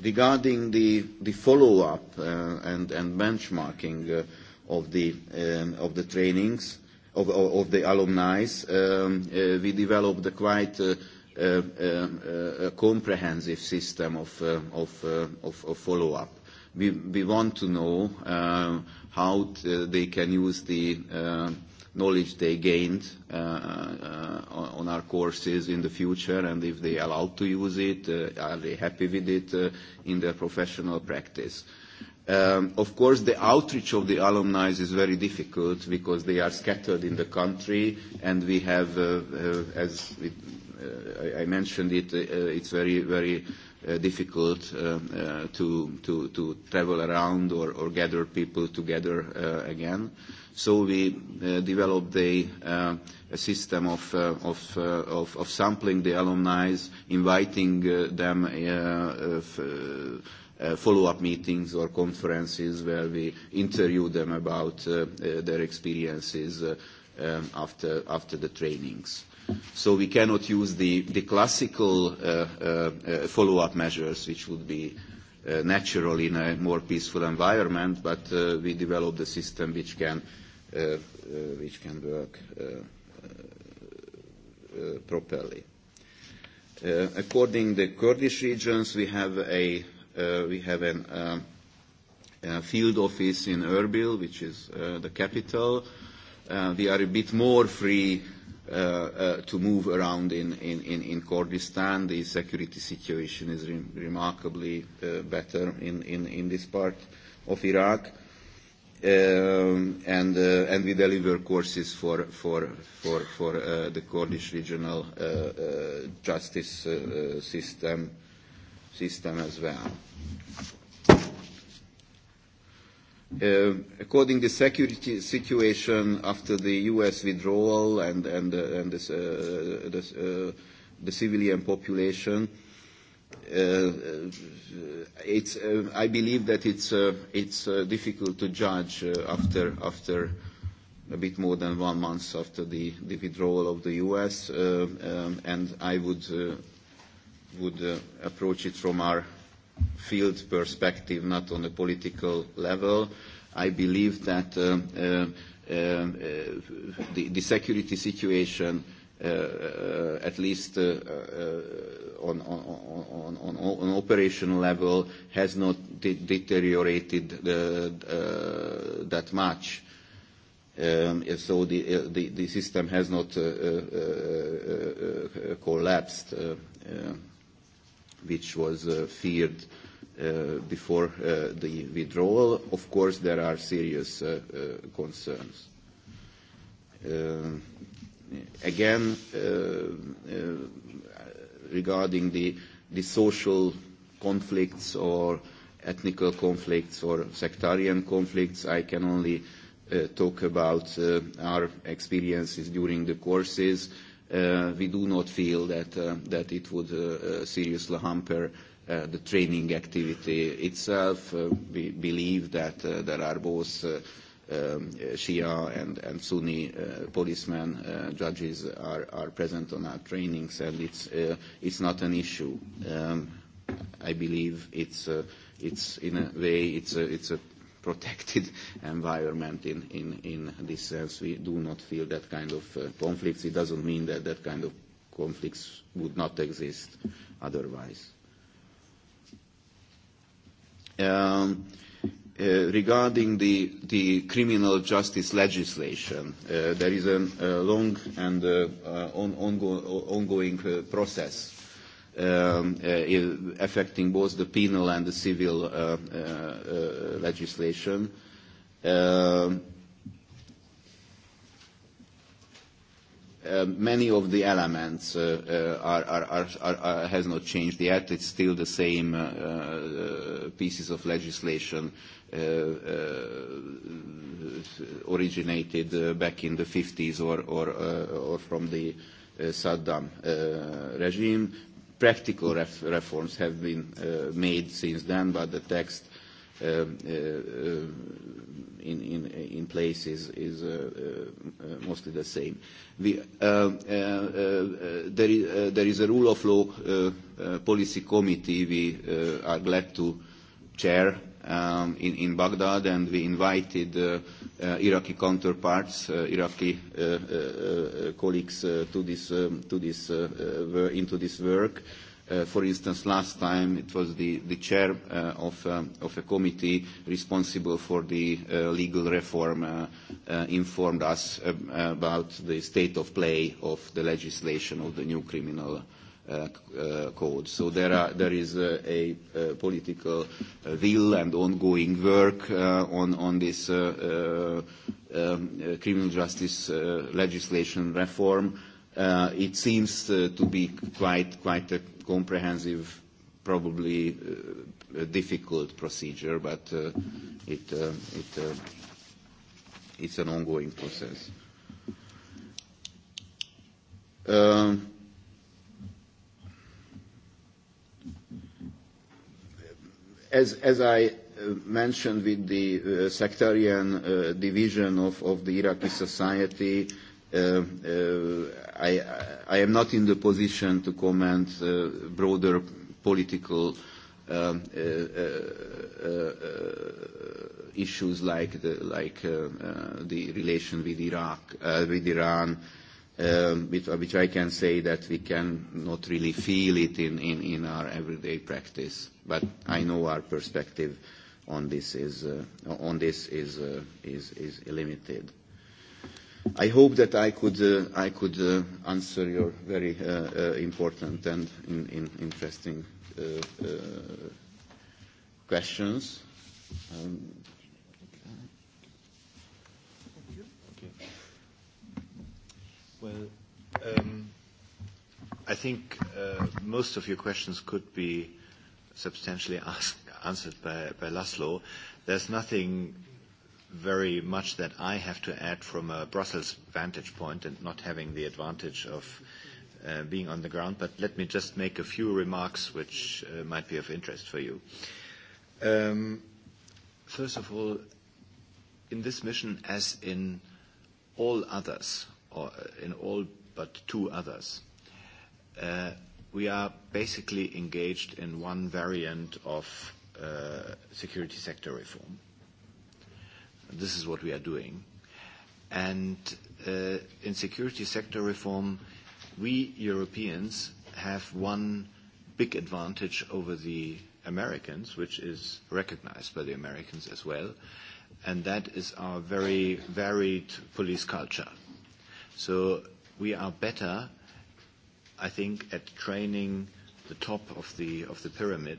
Regarding the, the follow-up uh, and, and benchmarking uh, of, the, um, of the trainings, of, of, of the alumni, um, uh, we developed a quite uh, uh, comprehensive system of, uh, uh, follow-up. We, want to know uh, how they can use the knowledge they gained on our courses in the future and if they allowed to use it, are they happy with it in their professional practice. Um, of course, the outreach of the alumni is very difficult because they are scattered in the country and we have, as with Uh, I, I mentioned it, uh, it's very, very uh, difficult to, to, to travel around or, or gather people together again. So we developed a, a system of, of, of, of sampling the alumni, inviting them f Uh, follow-up meetings or conferences where we interview them about uh, uh, their experiences um, after, after the trainings. So we cannot use the, the classical uh, uh, uh, follow-up measures, which would be natural in a more peaceful environment, but we developed a system which can, which can work properly. Uh, according the Kurdish regions, we have a uh, we have an, uh, a field office in Erbil, which is uh, the capital. Uh, we are a bit more free Uh, uh, to move around in, in, in, in Kurdistan. The security situation is re- remarkably uh, better in, in, in this part of Iraq. Um, and, uh, and we deliver courses for, for, for, for uh, the Kurdish regional uh, uh, justice uh, uh system, system as well. Uh, according to the security situation after the U.S. withdrawal and, and, uh, and this, uh, this, uh, the civilian population, uh, it's, uh, I believe that it's, uh, it's uh, difficult to judge uh, after, after a bit more than one month after the, the withdrawal of the U.S., uh, um, and I would, uh, would uh, approach it from our field perspective, not on a political level. I believe that uh, uh, uh, the, the security situation, uh, uh, at least uh, uh, on, on, on, on operational level, has not de deteriorated the, uh, that much. Um, so the, the, the system has not uh, uh, uh, collapsed. Uh, uh which was uh, feared uh, before uh, the withdrawal. Of course, there are serious uh, uh, concerns. Uh, again, uh, uh, regarding the, the social conflicts or ethnical conflicts or sectarian conflicts, I can only uh, talk about uh, our experiences during the courses. Uh, uh, we do not feel that, uh, that it would uh, uh, seriously hamper uh, the training activity itself. Uh, we believe that uh, there are both uh, um, Shia and, and Sunni uh, policemen, uh, judges are, are present on our trainings, and it's, uh, it's not an issue. Um, I believe it's, uh, it's in a way, it's a, it's a protected environment in, in, in this sense. Uh, we do not feel that kind of uh, conflicts. It doesn't mean that that kind of conflicts would not exist otherwise. Um, uh, regarding the, the criminal justice legislation, uh, there is a uh, long and uh, uh, on, ongo- ongoing uh, process Um, uh, affecting both the penal and the civil uh, uh, legislation. Um, many of the elements has not changed yet. It's still the same pieces of legislation originated back in the 50s or, from the Saddam regime practical ref reforms have been uh, made since then, but the text uh, uh, in, in, in place is, is uh, uh, uh, mostly the same. The, uh, uh, uh, there, is, uh, there is a rule of law uh, uh, policy committee we uh, are glad to chair um, in, in Baghdad, and we invited uh, uh, Iraqi counterparts, uh, Iraqi uh, uh, uh colleagues uh, to this, um, to this, uh, uh into this work. Uh, for instance, last time it was the, the chair uh, of, um, of a committee responsible for the uh, legal reform uh, uh, informed us ab- uh, about the state of play of the legislation of the new criminal uh, Uh, code. So there, are, there is a, a political uh, will and ongoing work uh, on, on this uh, um, criminal justice legislation reform. It seems to be quite, quite a comprehensive, probably a difficult procedure, but it, it, it's an ongoing process. Um, As, as I uh, mentioned with the uh, sectarian uh, division of, of the Iraqi society, Uh, uh, I, I am not in the position to comment uh, broader political um, issues like the, like, the relation with Iraq, with Iran, Um, uh, which, I can say that we can not really feel it in, in, our everyday practice. But I know our perspective on this is, uh, on this is, uh, is, is limited. I hope that I could, I could answer your very important and interesting questions. Um, Well, um, I think uh, most of your questions could be substantially <laughs> ask, answered by, by Laszlo. There's nothing very much that I have to add from a Brussels vantage point and not having the advantage of uh, being on the ground, but let me just make a few remarks which uh, might be of interest for you. Um, first of all, in this mission, as in all others, Uh, in all but two others. Uh, we are basically engaged in one variant of uh, security sector reform. This is what we are doing. And uh, in security sector reform, we Europeans have one big advantage over the Americans, which is recognized by the Americans as well, and that is our very varied police culture So we are better, I think, at training the top of the, of the pyramid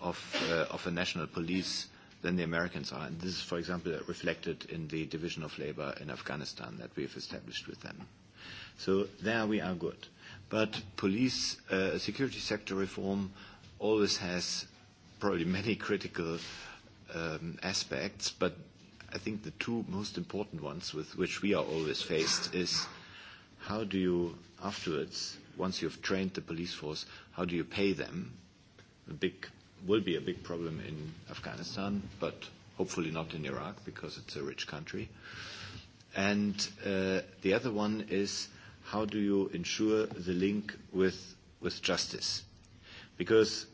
of, uh, of a national police than the Americans are. And this is, for example, reflected in the division of labor in Afghanistan that we have established with them. So there we are good. But police uh, security sector reform always has probably <laughs> many critical um, aspects, but i think the two most important ones with which we are always faced is how do you afterwards, once you've trained the police force, how do you pay them? A big will be a big problem in Afghanistan, but hopefully not in Iraq because it's a rich country. And uh, the other one is how do you ensure the link with with justice? Because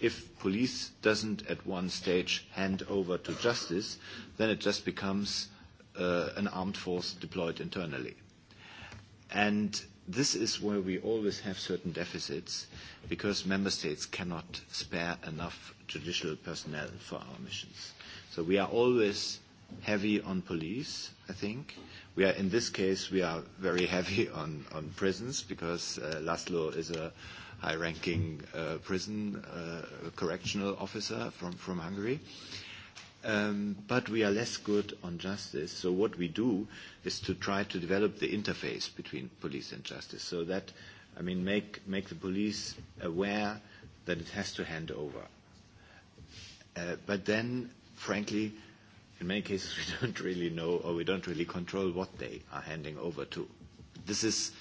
if police doesn't at one stage hand over to justice, then it just becomes uh, an armed force deployed internally. And this is where we always have certain deficits because member states cannot spare enough judicial personnel for our missions. So we are always heavy on police, I think. We are, in this case, we are very <laughs> heavy on, on prisons because uh, Laszlo is a high-ranking uh, prison uh, correctional officer from, from Hungary. Um, but we are less good on justice. So what we do is to try to develop the interface between police and justice so that, I mean, make, make the police aware that it has to hand over. Uh, but then, frankly, in many cases <laughs> we don't really know or we don't really control what they are handing over to. This is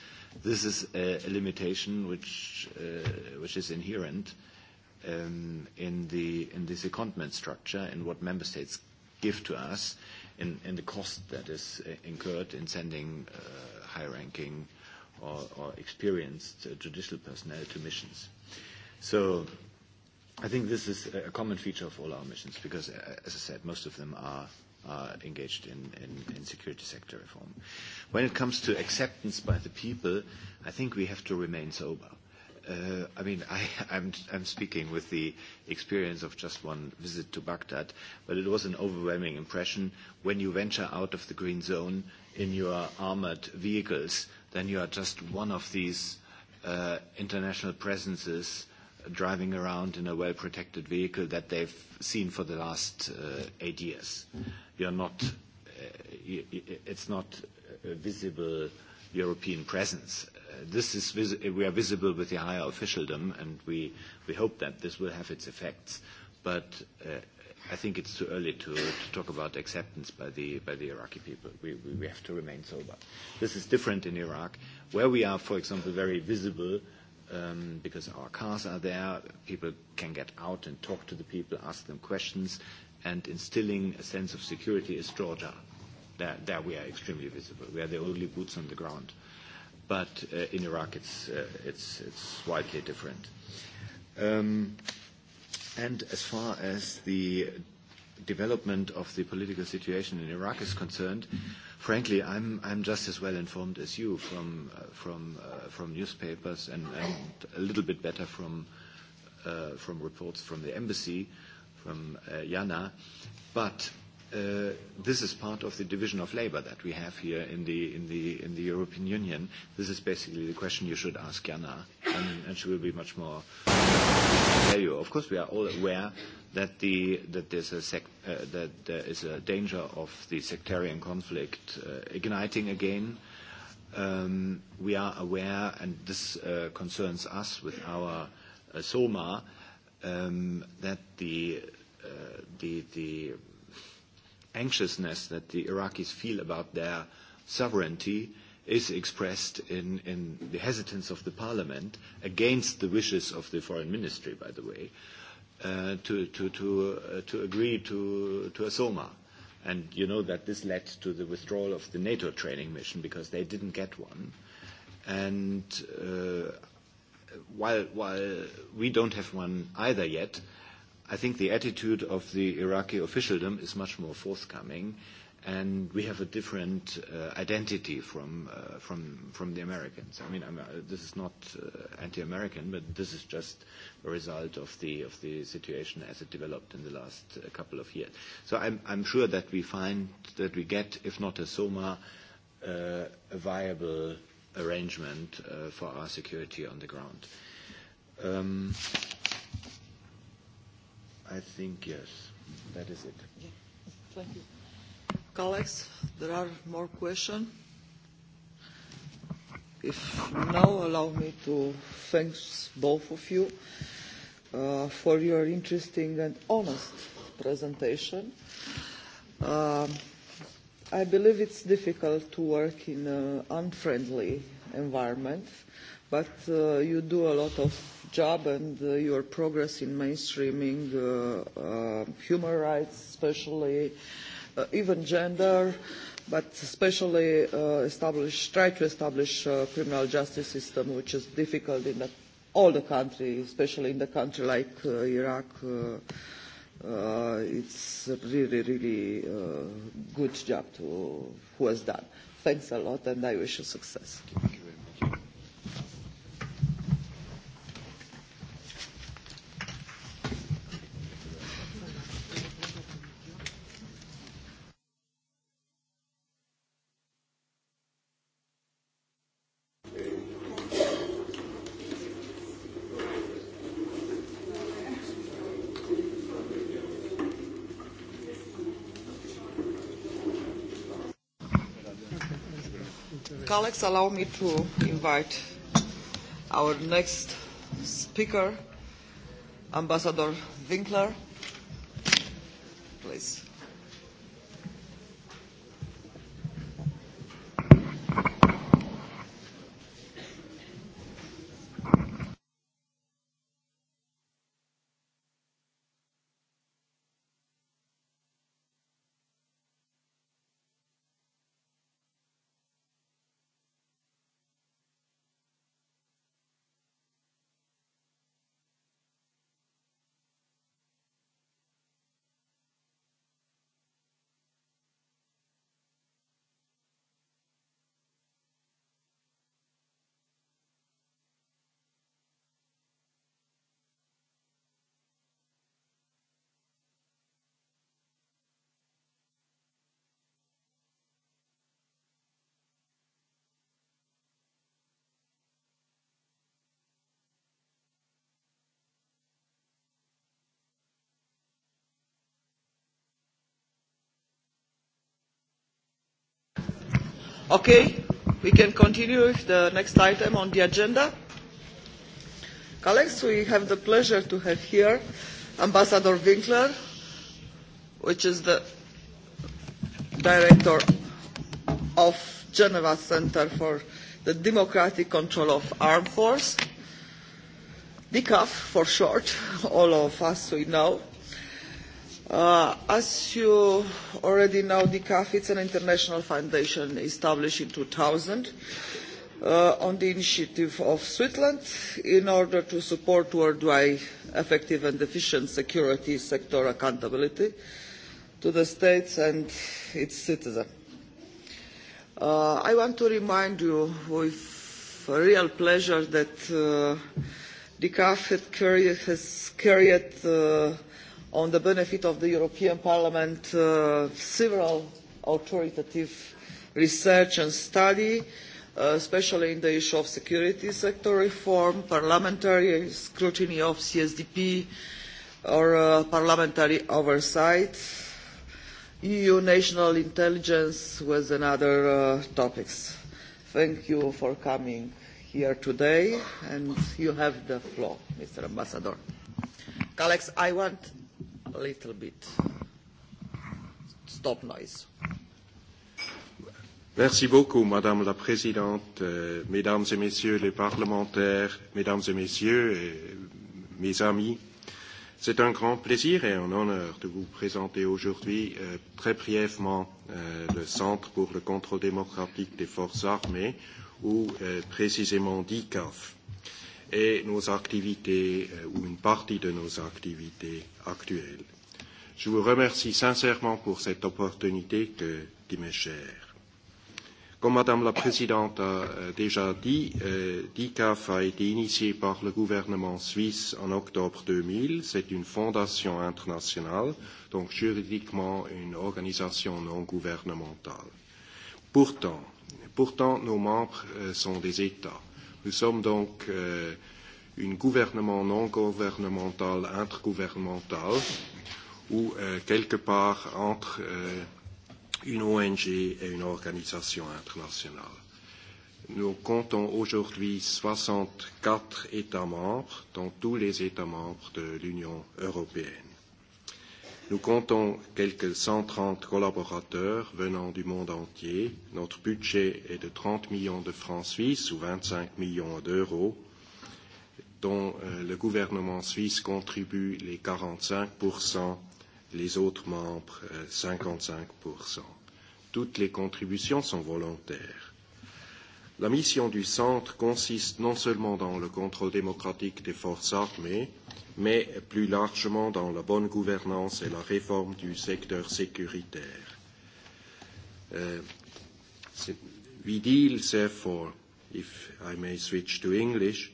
This is a limitation which, uh, which is inherent um, in, the, in the secondment structure and what member states give to us in, in the cost that is uh, incurred in sending uh, high-ranking or, or experienced uh, judicial personnel to missions. So I think this is a common feature of all our missions because, uh, as I said, most of them are uh, engaged in, in, in security sector reform. When it comes to acceptance by the people, I think we have to remain sober. Uh, I mean, <laughs> I, I'm, I'm speaking with the experience of just one visit to Baghdad, but it was an overwhelming impression. When you venture out of the green zone in your armored vehicles, then you are just one of these uh, international presences driving around in a well-protected vehicle that they've seen for the last uh, eight years. You're not, uh, it's not a visible European presence. Uh, this is vis we are visible with the higher officialdom, and we, we hope that this will have its effects. But uh, I think it's too early to, to talk about acceptance by the, by the Iraqi people. We, we, we have to remain sober. This is different in Iraq, where we are, for example, very visible – um, because our cars are there. People can get out and talk to the people, ask them questions, and instilling a sense of security is Georgia. There, there we are extremely visible. We are the only boots on the ground. But uh, in Iraq, it's, uh, it's, it's widely different. Um, and as far as the development of the political situation in Iraq is concerned, mm-hmm frankly, I'm, I'm just as well informed as you from, uh, from, uh, from newspapers and, and a little bit better from, uh, from reports from the embassy, from uh, Jana. But uh, this is part of the division of labor that we have here in the, in the, in the European Union. This is basically the question you should ask Jana, and, and she will be much more uh, to tell you. Of course, we are all aware that, the, that, there's a sec, uh, that there is a danger of the sectarian conflict uh, igniting again. Um, we are aware, and this uh, concerns us with our uh, SOMA, um, that the, uh, the, the anxiousness that the Iraqis feel about their sovereignty is expressed in, in the hesitance of the parliament against the wishes of the foreign ministry, by the way. Uh, Uh, to, to, to, uh, to agree to, to a SOMA. And you know that this led to the withdrawal of the NATO training mission because they didn't get one. And uh, while, while we don't have one either yet, I think the attitude of the Iraqi officialdom is much more forthcoming. Uh, and we have a different uh, identity from uh, from from the Americans. I mean, I'm, uh, this is not uh, anti-American, but this is just a result of the of the situation as it developed in the last uh, couple of years. So I'm I'm sure that we find that we get, if not a SOMA, uh, a viable arrangement uh, for our security on the ground. Um, I think yes, that is it. Yeah. Thank you. Colleagues, there are more questions? If now, allow me to thank both of you uh, for your interesting and honest presentation. Um, I believe it's difficult to work in an unfriendly environment, but uh, you do a lot of job and uh, your progress in mainstreaming human rights, especially uh, even gender, but especially uh, establish, try to establish a criminal justice system, which is difficult in the, all the countries, especially in the country like uh, Iraq. Uh, uh, it's really, really uh, good job to who has done. Thanks a lot, and I wish you success. Thank you. colleagues, allow me to invite our next speaker, Ambassador Winkler. Okay, we can continue with the next item on the agenda. Colleagues, we have the pleasure to have here Ambassador Winkler, which is the director of Geneva Center for the Democratic Control of Armed Force, DECAF for short, all of us we know. Uh, as you already know, the DCAF is an international foundation established in 2000 uh, on the initiative of Switzerland in order to support worldwide effective and efficient security sector accountability to the states and its citizens. Uh, I want to remind you with real pleasure that uh, DCAF has carried, has carried uh, on the benefit of the European Parliament uh, several authoritative research and study, uh, especially in the issue of security sector reform, parliamentary scrutiny of CSDP or uh, parliamentary oversight, EU national intelligence was another uh, topics. Thank you for coming here today, and you have the floor, Mr. Ambassador. Alex, I want a little bit stop noise. Merci beaucoup, Madame la Présidente, euh, Mesdames et Messieurs les parlementaires, Mesdames et Messieurs, et euh, mes amis. C'est un grand plaisir et un honneur de vous présenter aujourd'hui euh, très brièvement euh, le Centre pour le contrôle démocratique des forces armées, ou euh, précisément DICAF, et nos activités, euh, ou une partie de nos activités actuelle. Je vous remercie sincèrement pour cette opportunité que, qui m'est chère. Comme Madame la Présidente a euh, déjà dit, euh, DICAF a été initié par le gouvernement suisse en octobre 2000. C'est une fondation internationale, donc juridiquement une organisation non gouvernementale. Pourtant, pourtant nos membres euh, sont des États. Nous sommes donc euh, une gouvernement non gouvernemental intergouvernemental ou euh, quelque part entre euh, une ONG et une organisation internationale. Nous comptons aujourd'hui 64 États membres, dont tous les États membres de l'Union européenne. Nous comptons quelques 130 collaborateurs venant du monde entier. Notre budget est de 30 millions de francs suisses ou 25 millions d'euros dont euh, le gouvernement suisse contribue les 45%, les autres membres 55%. Euh, Toutes les contributions sont volontaires. La mission du centre consiste non seulement dans le contrôle démocratique des forces armées, mais plus largement dans la bonne gouvernance et la réforme du secteur sécuritaire. Euh, we deal, therefore, if I may switch to English,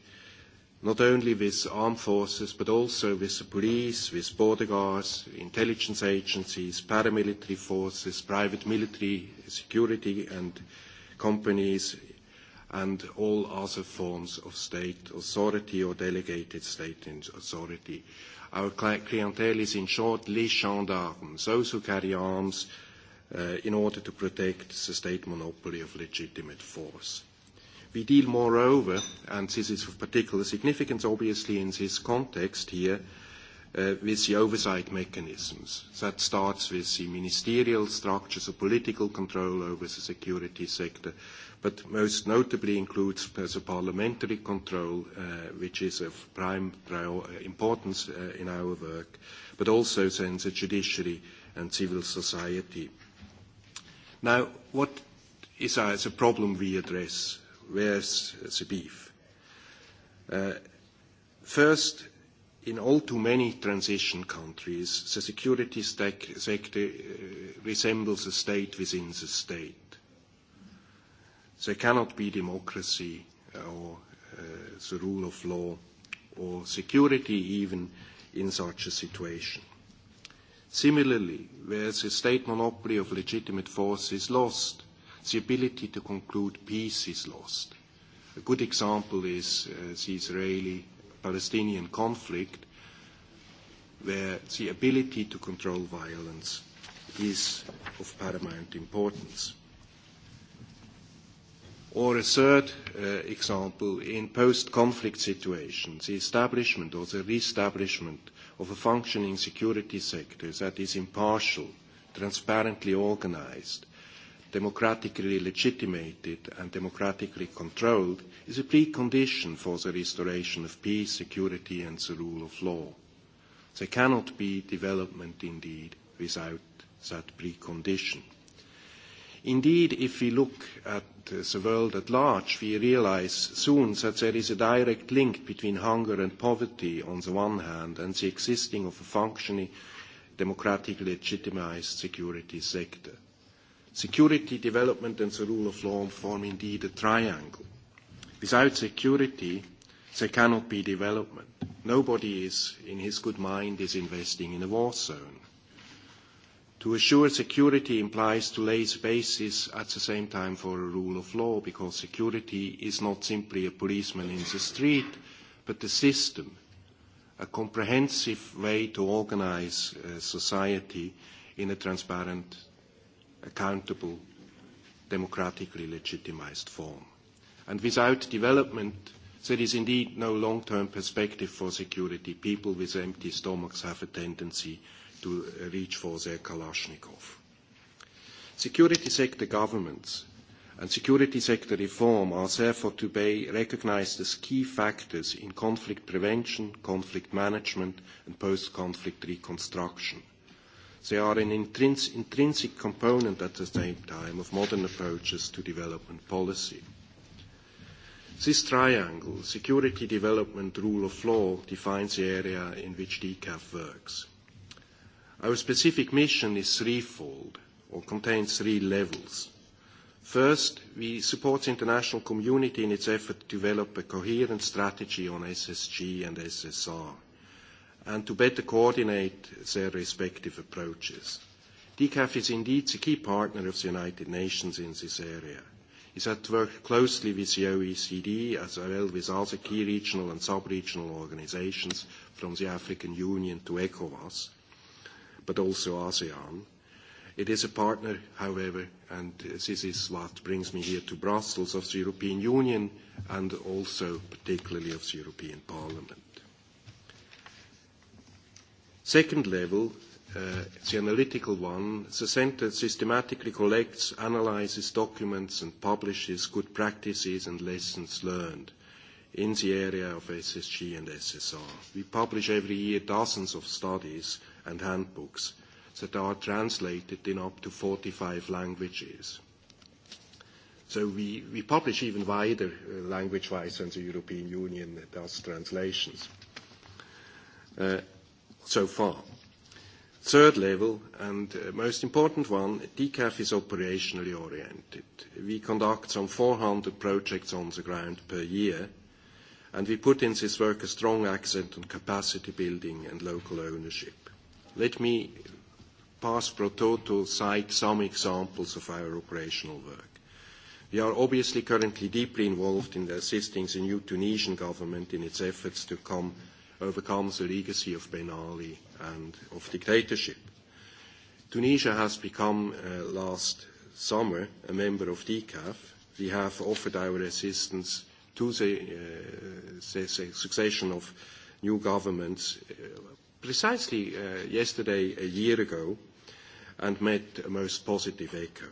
not only with armed forces, but also with the police, with border guards, intelligence agencies, paramilitary forces, private military security and companies, and all other forms of state authority or delegated state authority. Our clientele is, in short, les gendarmes, those who carry arms uh, in order to protect the state monopoly of legitimate force. We deal, moreover, and this is of particular significance, obviously, in this context here, uh, with the oversight mechanisms. That starts with the ministerial structures of political control over the security sector, but most notably includes the parliamentary control, uh, which is of prime uh, importance uh, in our work, but also then the judiciary and civil society. Now, what is a uh, the problem we address? where's the beef? Uh, first, in all too many transition countries, the security sector uh, resembles a state within the state. There cannot be democracy or uh, the rule of law or security even in such a situation. Similarly, where the state monopoly of legitimate force is lost, the ability to conclude peace is lost. A good example is uh, the Israeli-Palestinian conflict, where the ability to control violence is of paramount importance. Or a third uh, example, in post-conflict situations, the establishment or the re-establishment of a functioning security sector that is impartial, transparently organized, democratically legitimated and democratically controlled, is a precondition for the restoration of peace, security and the rule of law. There cannot be development indeed without that precondition. Indeed, if we look at the world at large, we realize soon that there is a direct link between hunger and poverty on the one hand and the existing of a functioning, democratically legitimized security sector. Security, development and the rule of law form indeed a triangle. Without security, there cannot be development. Nobody is, in his good mind, is investing in a war zone. To assure security implies to lay the basis at the same time for a rule of law, because security is not simply a policeman in the street, but a system, a comprehensive way to organize uh, society in a transparent accountable, democratically legitimized form. And without development, there is indeed no long-term perspective for security. People with empty stomachs have a tendency to uh, reach for their Kalashnikov. Security sector governments and security sector reform are therefore to be recognized as key factors in conflict prevention, conflict management, and post-conflict reconstruction. They are an intrins intrinsic component at the same time of modern approaches to development policy. This triangle, security, development, rule of law, defines the area in which DCAF works. Our specific mission is threefold, or contains three levels. First, we support the international community in its effort to develop a coherent strategy on SSG and SSR and to better coordinate their respective approaches. DCAF is indeed the key partner of the United Nations in this area. It has worked closely with the OECD as well with other key regional and sub-regional organizations from the African Union to ECOWAS, but also ASEAN. It is a partner, however, and this is what brings me here to Brussels, of the European Union and also particularly of the European Parliament. Second level, uh, the analytical one, the center systematically collects, analyzes documents and publishes good practices and lessons learned in the area of SSG and SSR. We publish every year dozens of studies and handbooks that are translated in up to 45 languages. So we, we publish even wider uh, language-wise than the European Union does translations. Uh, so far. Third level, and uh, most important one, DCAF is operationally oriented. We conduct some 400 projects on the ground per year, and we put in this work a strong accent on capacity building and local ownership. Let me pass pro toto cite some examples of our operational work. We are obviously currently deeply involved in assisting the new Tunisian government in its efforts to come overcomes uh, the legacy of Ben Ali and of dictatorship. Tunisia has become uh, last summer a member of DCAF. We have offered our assistance to the, uh, the succession of new governments uh, precisely uh, yesterday, a year ago, and met a most positive echo.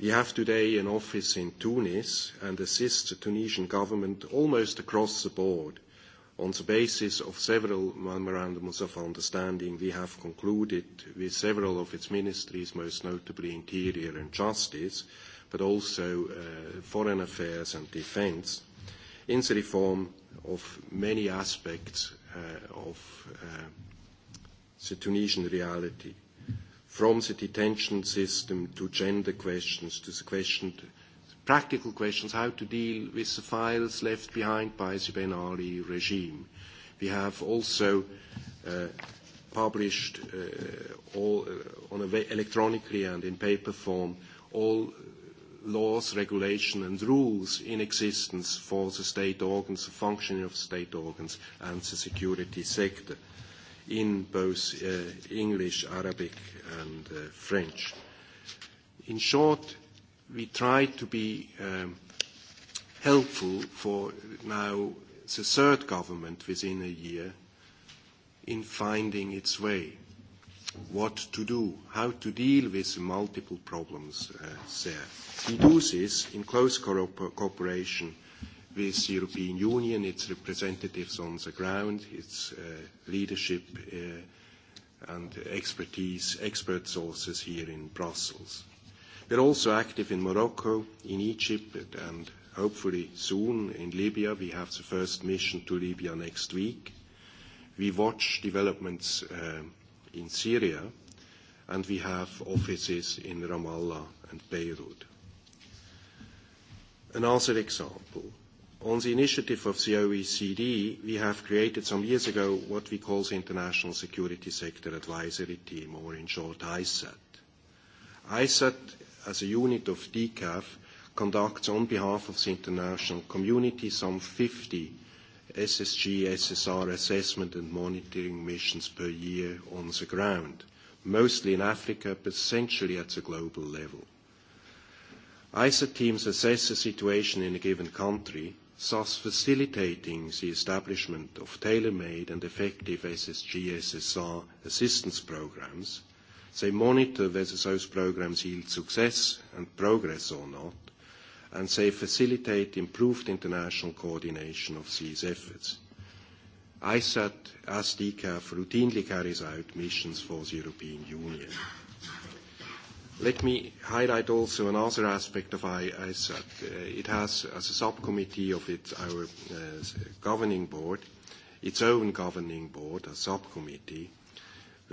We have today an office in Tunis and assist the Tunisian government almost across the board On the basis of several memorandums of understanding, we have concluded with several of its ministries, most notably Interior and Justice, but also uh, Foreign Affairs and Defence, in the reform of many aspects uh, of uh, the Tunisian reality, from the detention system to gender questions to the question practical questions, how to deal with the files left behind by the Ben Ali regime. We have also uh, published uh, all, uh, on a way electronically and in paper form all laws, regulation and rules in existence for the state organs, the functioning of state organs and the security sector in both uh, English, Arabic and uh, French. In short, we try to be um, helpful for now the third government within a year in finding its way, what to do, how to deal with the multiple problems uh, there. We do this in close cooperation with the European Union, its representatives on the ground, its uh, leadership uh, and expertise, expert sources here in Brussels. We're also active in Morocco, in Egypt, and hopefully soon in Libya. We have the first mission to Libya next week. We watch developments uh, in Syria, and we have offices in Ramallah and Beirut. Another example, on the initiative of the OECD, we have created some years ago what we call the International Security Sector Advisory Team, or in short, ISAT. ISAT as a unit of DCAF, conducts on behalf of the international community some 50 SSG, SSR assessment and monitoring missions per year on the ground, mostly in Africa, but essentially at the global level. ISA teams assess the situation in a given country, thus facilitating the establishment of tailor-made and effective SSG, SSR assistance programs – They monitor whether those programs yield success and progress or not, and they facilitate improved international coordination of these efforts. ISAT, as DCAF, routinely carries out missions for the European Union. Let me highlight also another aspect of ISAT. Uh, it has, as a subcommittee of its, our uh, governing board, its own governing board, a subcommittee,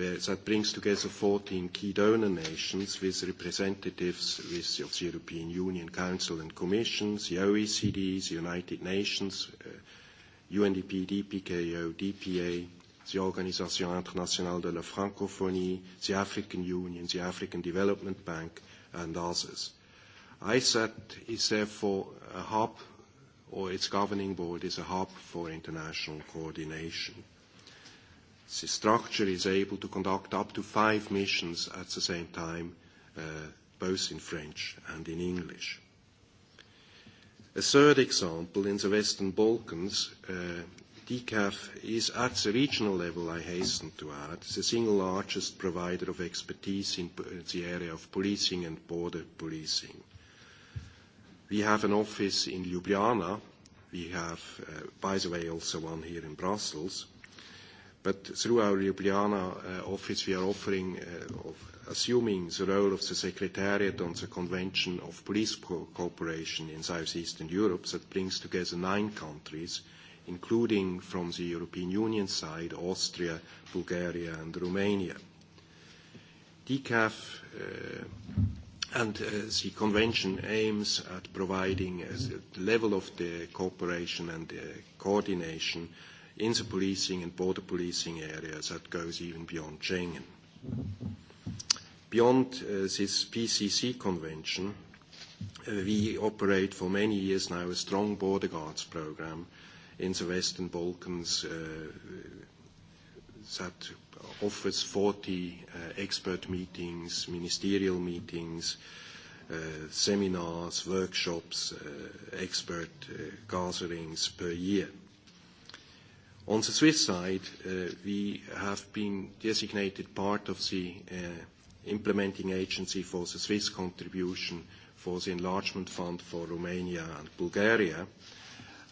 that brings together 14 key donor nations with representatives of the European Union Council and Commission, the OECD, the United Nations, UNDP, uh, DPKO, DPA, the Organisation Internationale de la Francophonie, the African Union, the African Development Bank, and others. ISAT is therefore a hub, or its governing board is a hub for international coordination the structure is able to conduct up to five missions at the same time, uh, both in French and in English. A third example, in the Western Balkans, uh, DCAF is at the regional level, I hasten to add, the single largest provider of expertise in the area of policing and border policing. We have an office in Ljubljana. We have, uh, by the way, also one here in Brussels. But through our Ljubljana eh, office, we are offering, eh, assuming the role of the Secretariat on the Convention of Police Co Cooperation in Southeastern Europe that brings together nine countries, including from the European Union side, Austria, Bulgaria, and Romania. DCAF uh, eh, and uh, the convention aims at providing a level of the cooperation and uh, coordination in the policing and border policing areas that goes even beyond Schengen. Beyond uh, this PCC convention, uh, we operate for many years now a strong border guards program in the Western Balkans uh, that offers 40 uh, expert meetings, ministerial meetings, uh, seminars, workshops, uh, expert gatherings per year. On the Swiss side, uh, we have been designated part of the uh, implementing agency for the Swiss contribution for the enlargement fund for Romania and Bulgaria,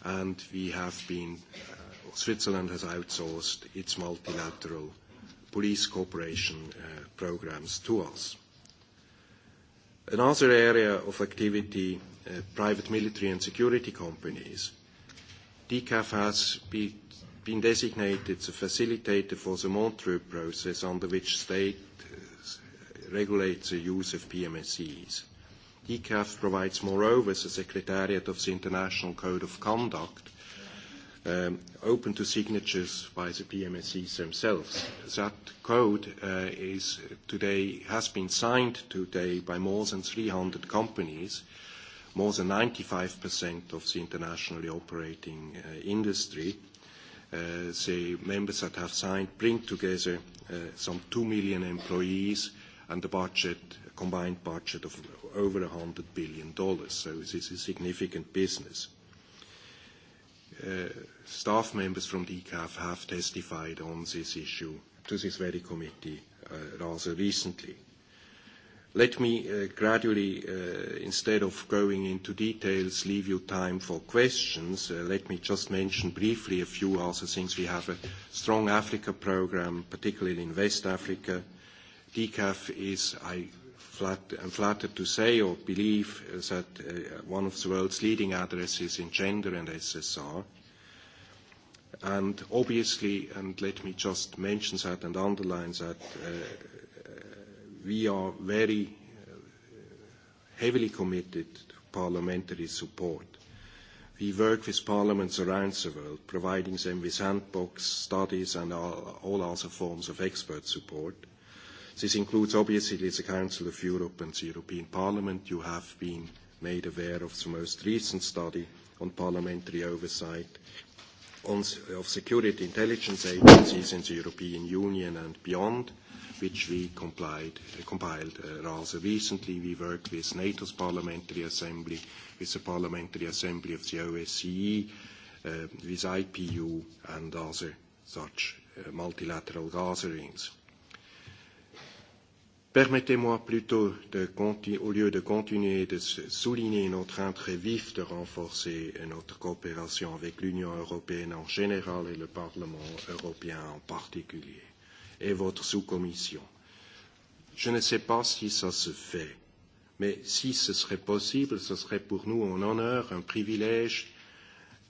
and we have been, uh, Switzerland has outsourced its multilateral police cooperation programs to us. Another area of activity, private military and security companies. DCAF has be been designated the facilitator for the Montreux process under which state uh, regulates the use of PMSEs. DCAF provides moreover the Secretariat of the International Code of Conduct um, open to signatures by the PMSEs themselves. That code uh, is today, has been signed today by more than 300 companies, more than 95% of the internationally operating uh, industry. Uh, the members that have signed bring together uh, some 2 million employees and a budget, a combined budget of over $100 billion. So this is significant business. Uh, staff members from ECAF have testified on this issue to this very committee uh, rather recently. Let me uh, gradually, uh, instead of going into details, leave you time for questions. Uh, let me just mention briefly a few also, since we have a strong Africa program, particularly in West Africa. DCAF is, I am flattered to say or believe, is that one of the world's leading addresses in gender and SSR. And obviously, and let me just mention that and underline that, we are very uh, heavily committed to parliamentary support. We work with parliaments around the world, providing them with handbooks, studies, and all, other forms of expert support. This includes, obviously, the Council of Europe and the European Parliament. You have been made aware of the most recent study on parliamentary oversight of security intelligence agencies in the European Union and beyond, which we complied, uh, compiled uh, rather recently. We work with NATO's Parliamentary Assembly, with the Parliamentary Assembly of the OSCE, uh, with IPU and other such uh, multilateral gatherings. Permettez-moi plutôt, de, au lieu de continuer de souligner notre intérêt vif de renforcer notre coopération avec l'Union européenne en général et le Parlement européen en particulier et votre sous-commission. Je ne sais pas si ça se fait, mais si ce serait possible, ce serait pour nous un honneur, un privilège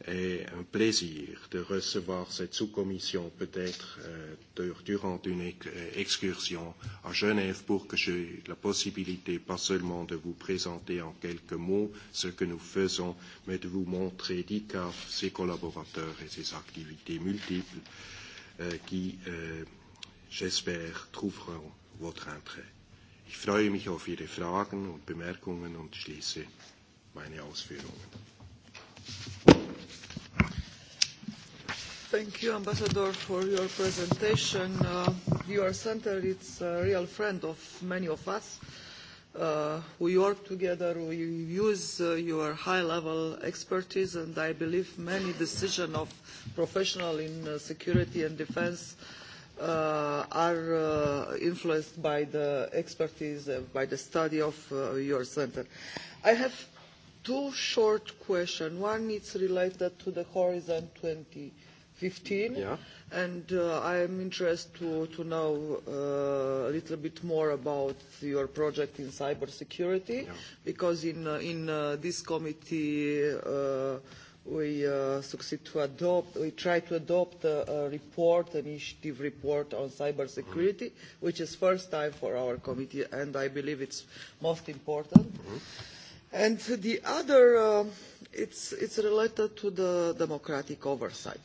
et un plaisir de recevoir cette sous-commission peut-être euh, durant une euh, excursion à Genève pour que j'ai la possibilité pas seulement de vous présenter en quelques mots ce que nous faisons, mais de vous montrer DICAF, ses collaborateurs et ses activités multiples euh, qui euh, j'espère, trouveront votre Entrée. Ich freue mich auf Ihre Fragen und Bemerkungen und schließe meine Ausführungen. Thank you, Ambassador, for your presentation. Uh, your center is a real friend of many of us. Uh, we work together, we use uh, your high-level expertise, and I believe many decisions of professionals in uh, security and defense uh, uh, are uh, influenced by the expertise, uh, by the study of uh, your center. I have two short questions. One is related to the Horizon 2015, yeah. and uh, I am interested to, to know uh, a little bit more about your project in cybersecurity, yeah. because in, uh, in uh, this committee, uh, we uh, succeed to adopt, we try to adopt a, a report, an initiative report on cybersecurity, mm -hmm. which is first time for our committee, and I believe it's most important. Mm -hmm. And the other, uh, it's, it's related to the democratic oversight.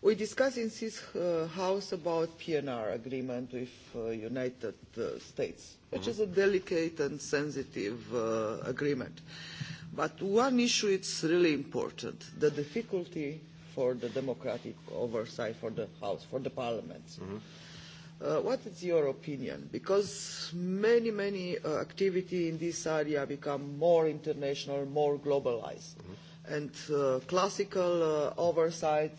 We discussed in this uh, House about PNR agreement with uh, United uh, States, which mm -hmm. is a delicate and sensitive uh, agreement. Uh, But one issue is really important, the difficulty for the democratic oversight for the House, for the Parliament. Mm -hmm. uh, what is your opinion? Because many, many uh, activity in this area become more international, more globalized. Mm -hmm. And uh, classical uh, oversight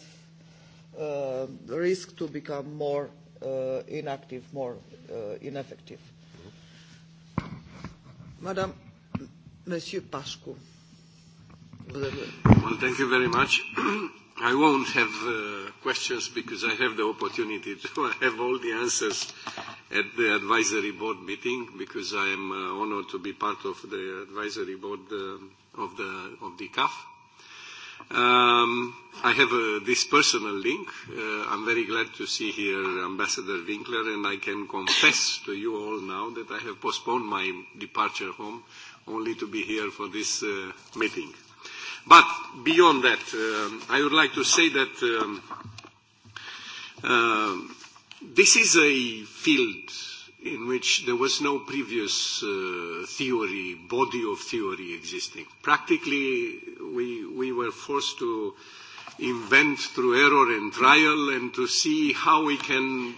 uh, risk to become more uh, inactive, more uh, ineffective. Mm -hmm. Madam, Monsieur Pascu. Well, thank you very much. <clears throat> I won't have uh, questions because I have the opportunity to <laughs> have all the answers at the advisory board meeting because I am uh, honored to be part of the advisory board uh, of the of the CAF. Um, I have uh, this personal link. Uh, I'm very glad to see here Ambassador Winkler, and I can confess to you all now that I have postponed my departure home only to be here for this uh, meeting. But beyond that, um, I would like to say that um, uh, this is a field in which there was no previous uh, theory, body of theory existing. Practically, we, we were forced to invent through error and trial and to see how we can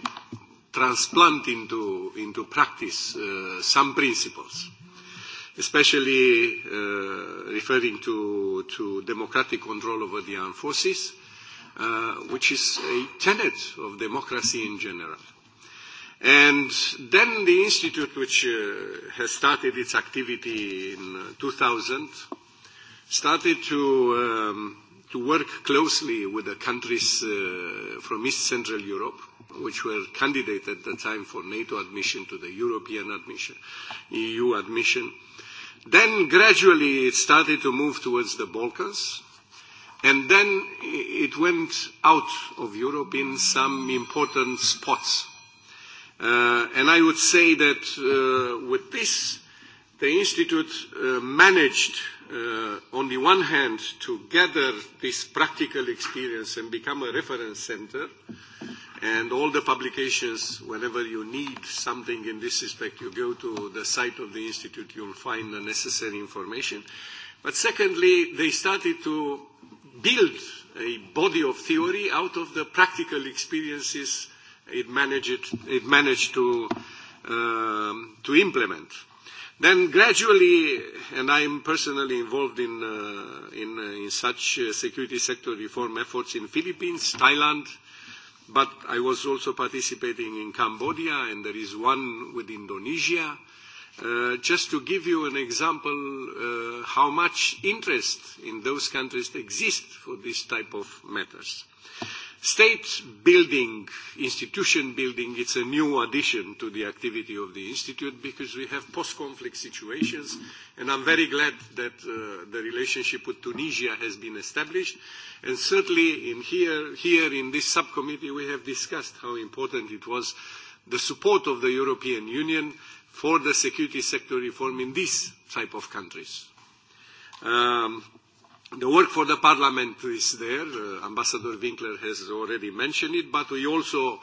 transplant into, into practice uh, some principles especially uh, referring to, to democratic control over the armed forces, uh, which is a tenet of democracy in general. And then the institute, which uh, has started its activity in 2000, uh, started to, um, to work closely with the countries uh, from East Central Europe, which were candidates at the time for NATO admission to the European admission, EU admission. Uh, Then gradually it started to move towards the Balkans, and then it went out of Europe in some important spots. Uh, and I would say that uh, with this, the Institute uh, managed, uh, on the one hand, to gather this practical experience and become a reference center, And all the publications, whenever you need something in this respect, you go to the site of the Institute, you'll find the necessary information. But secondly, they started to build a body of theory out of the practical experiences it managed, it managed to, um, to implement. Then gradually, and I am personally involved in, uh, in, uh, in such uh, security sector reform efforts in Philippines, Thailand, but I was also participating in Cambodia, and there is one with Indonesia. Uh, just to give you an example uh, how much interest in those countries exists for this type of matters. Uh, State building, institution building, it's a new addition to the activity of the Institute because we have post-conflict situations and I'm very glad that uh, the relationship with Tunisia has been established and certainly in here, here in this subcommittee we have discussed how important it was the support of the European Union for the security sector reform in these type of countries. Um, The work for the Parliament is there. Uh, Ambassador Winkler has already mentioned it, but we also,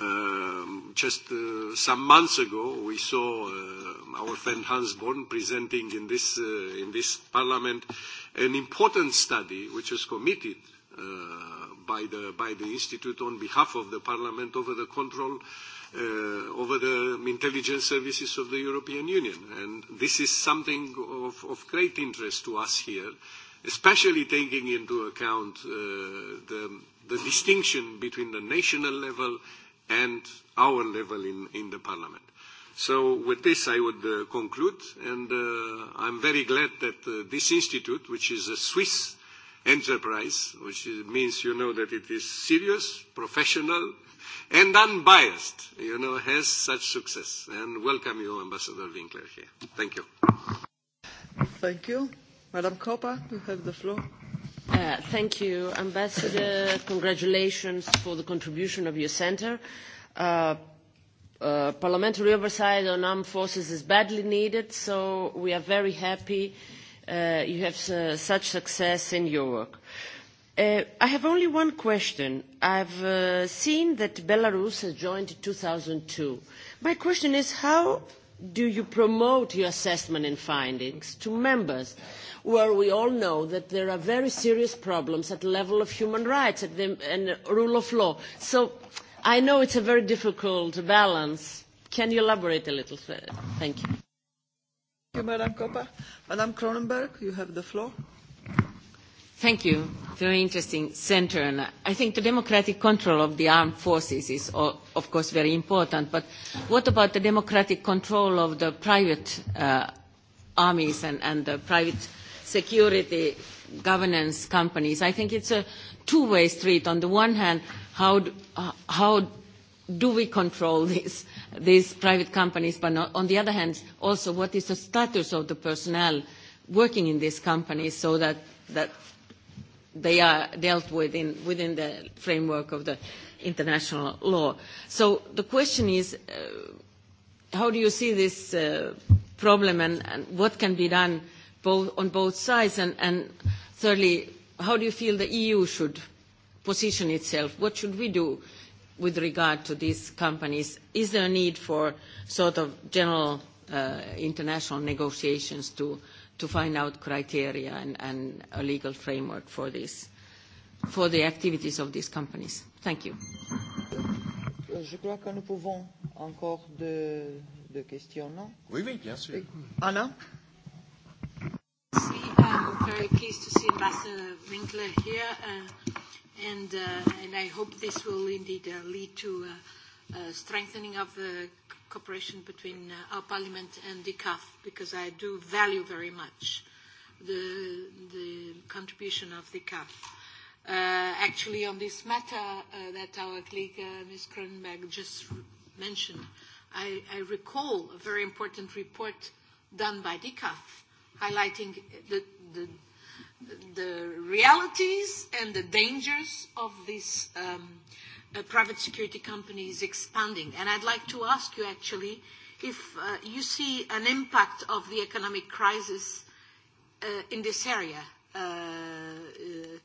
um, just uh, some months ago, we saw uh, our friend Hans Born presenting in this, uh, in this Parliament an important study which was committed uh, by, the, by the Institute on behalf of the Parliament over the control uh, over the intelligence services of the European Union. And this is something of, of great interest to us here especially taking into account uh, the, the distinction between the national level and our level in, in the parliament. So with this, I would uh, conclude, and uh, I'm very glad that uh, this institute, which is a Swiss enterprise, which is, means you know that it is serious, professional, and unbiased, you know, has such success. And welcome you, Ambassador Winkler, here. Thank you. Thank you. Madam you have the floor. Uh, thank you, Ambassador. Congratulations for the contribution of your centre. Uh, uh, parliamentary oversight on armed forces is badly needed, so we are very happy you have such success in your work. I have only one question. I've have seen that Belarus has joined in 2002. My question is how do you promote your assessment and findings to members where we all know that there are very serious problems at the level of human rights the, and rule of law? So I know it's a very difficult balance. Can you elaborate a little further? Thank you. Thank you, Madam Coppa. Madam Cronenberg, you have the floor. Thank you. Very interesting center. And I think the democratic control of the armed forces is, of course, very important. But what about the democratic control of the private uh, armies and, and the private security governance companies? I think it's a two-way street. On the one hand, how, do, uh, how do we control this, these private companies? But no, on the other hand, also, what is the status of the personnel working in these companies so that, that they are dealt with in, within the framework of the international law. So the question is, uh, how do you see this uh, problem and, and what can be done both, on both sides? And, and thirdly, how do you feel the EU should position itself? What should we do with regard to these companies? Is there a need for sort of general uh, international negotiations to uh, to find out criteria and, and a legal framework for this, for the activities of these companies. Thank you. Je crois que nous pouvons encore deux, deux questions, non Oui, oui, bien sûr. Oui. Anna See, I'm very pleased to see Ambassador Winkler here, uh, and, uh, and I hope this will indeed uh, lead to uh, uh, strengthening of the cooperation between uh, our parliament and the CAF because I do value very much the, the contribution of the CAF. Uh, actually, on this matter uh, that our colleague uh, Ms. Kronberg just mentioned, I, I recall a very important report done by the CAF highlighting the, the, the realities and the dangers of this um, uh, private security company is expanding. And I'd like to ask you actually if uh, you see an impact of the economic crisis uh, in this area, uh, uh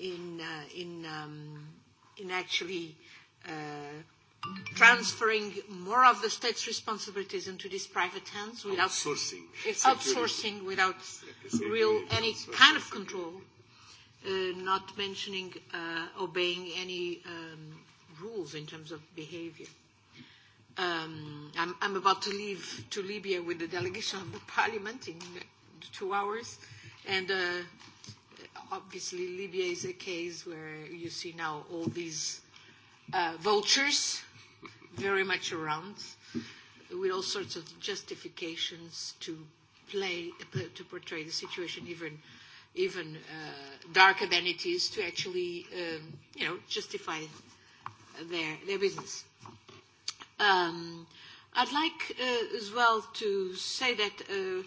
in, uh, in, um, in actually uh, transferring more of the state's responsibilities into these private hands without outsourcing, outsourcing without real any kind of control. Security Uh, not mentioning uh, obeying any um, rules in terms of behavior. Um, I'm, I'm about to leave to Libya with the delegation of the <laughs> parliament in two hours, and uh, obviously Libya is a case where you see now all these uh, vultures very much around with all sorts of justifications to play to portray the situation even even uh, darker than it is to actually, um, you know, justify their, their business. Um, I'd like uh, as well to say that uh,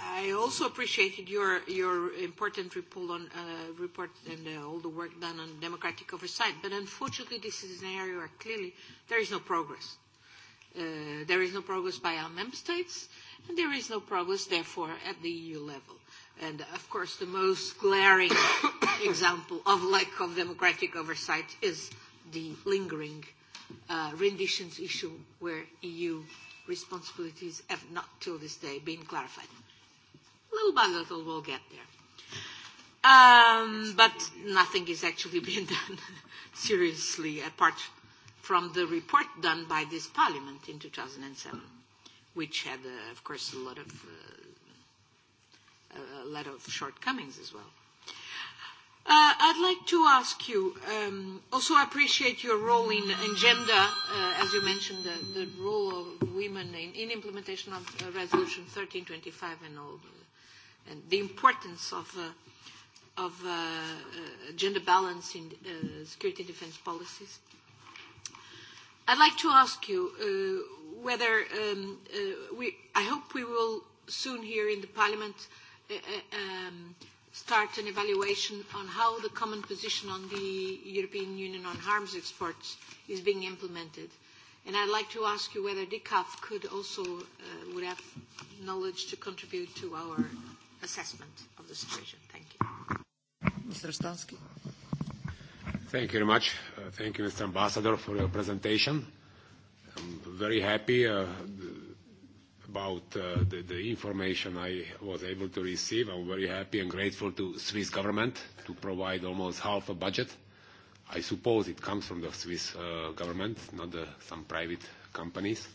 I also appreciated your, your important report on uh, report and uh, all the work done on democratic oversight. But unfortunately, this is an area where clearly there is no progress. Uh, there is no progress by our member states, and there is no progress, therefore, at the EU level. And of course, the most glaring <coughs> example of lack of democratic oversight is the lingering uh, renditions issue, where EU responsibilities have not till this day been clarified. Little by little, we'll get there. Um, but nothing is actually <laughs> being done seriously apart from the report done by this parliament in 2007, which had, uh, of course, a lot of uh, Uh, a lot of shortcomings as well. Uh, I'd like to ask you, um, also I appreciate your role in, in gender, uh, as you mentioned, the, the role of women in, in implementation of uh, Resolution 1325 and all, uh, and the importance of, uh, of uh, uh, gender balance in uh, security and defense policies. I'd like to ask you uh, whether um, uh, we, I hope we will soon hear in the Parliament uh, Uh, um, start an evaluation on how the common position on the European Union on arms exports is being implemented. And I'd like to ask you whether DCAF could also, uh, would have knowledge to contribute to our assessment of the situation. Thank you. Mr. Stansky. Thank you very much. Uh, thank you, Mr. Ambassador, for your presentation. I'm very happy uh, about uh, the, the information I was able to receive. I'm very happy and grateful to Swiss government to provide almost half a budget. I suppose it comes from the Swiss uh, government, not the, some private companies.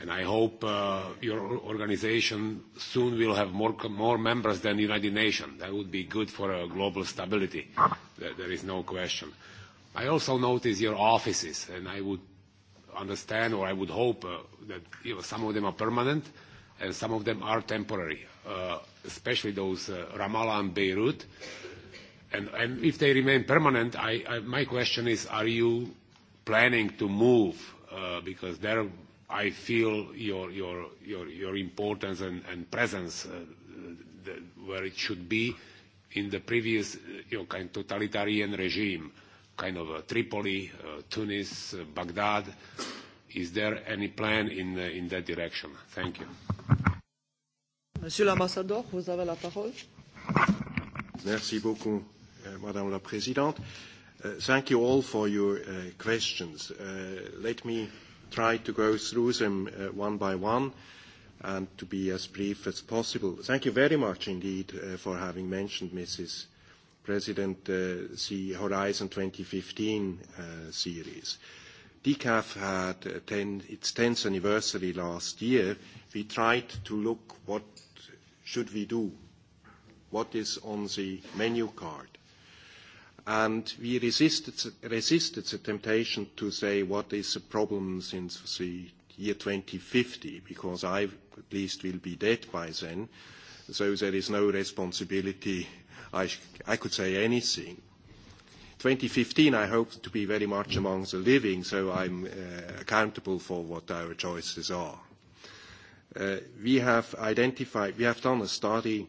And I hope uh, your organization soon will have more, more members than the United Nations. That would be good for uh, global stability. There, there is no question. I also notice your offices, and I would understand, or I would hope uh, that you know, some of them are permanent and some of them are temporary, uh, especially those uh, Ramallah and Beirut. And, and if they remain permanent, I, I, my question is, are you planning to move? Uh, because there I feel your, your, your, your importance and, and presence uh, the, where it should be in the previous uh, you know, kind of totalitarian regime kind of uh, Tripoli, uh, Tunis, uh, Baghdad. Is there any plan in, uh, in that direction? Thank you. Monsieur l'ambassadeur, vous avez la parole. Merci beaucoup, uh, Madame la Présidente. Uh, thank you all for your uh, questions. Uh, let me try to go through them uh, one by one and to be as brief as possible. Thank you very much indeed uh, for having mentioned Mrs. President, the uh, Horizon 2015 uh, series. DCAF had its 10th anniversary last year. We tried to look what should we do, what is on the menu card. And we resisted the temptation to say what is the problem since the year 2050, because I at least will be dead by then, so there is no responsibility i, I could say anything. 2015, I hope to be very much among the living, so I'm uh, accountable for what our choices are. Uh, we have identified, we have done a study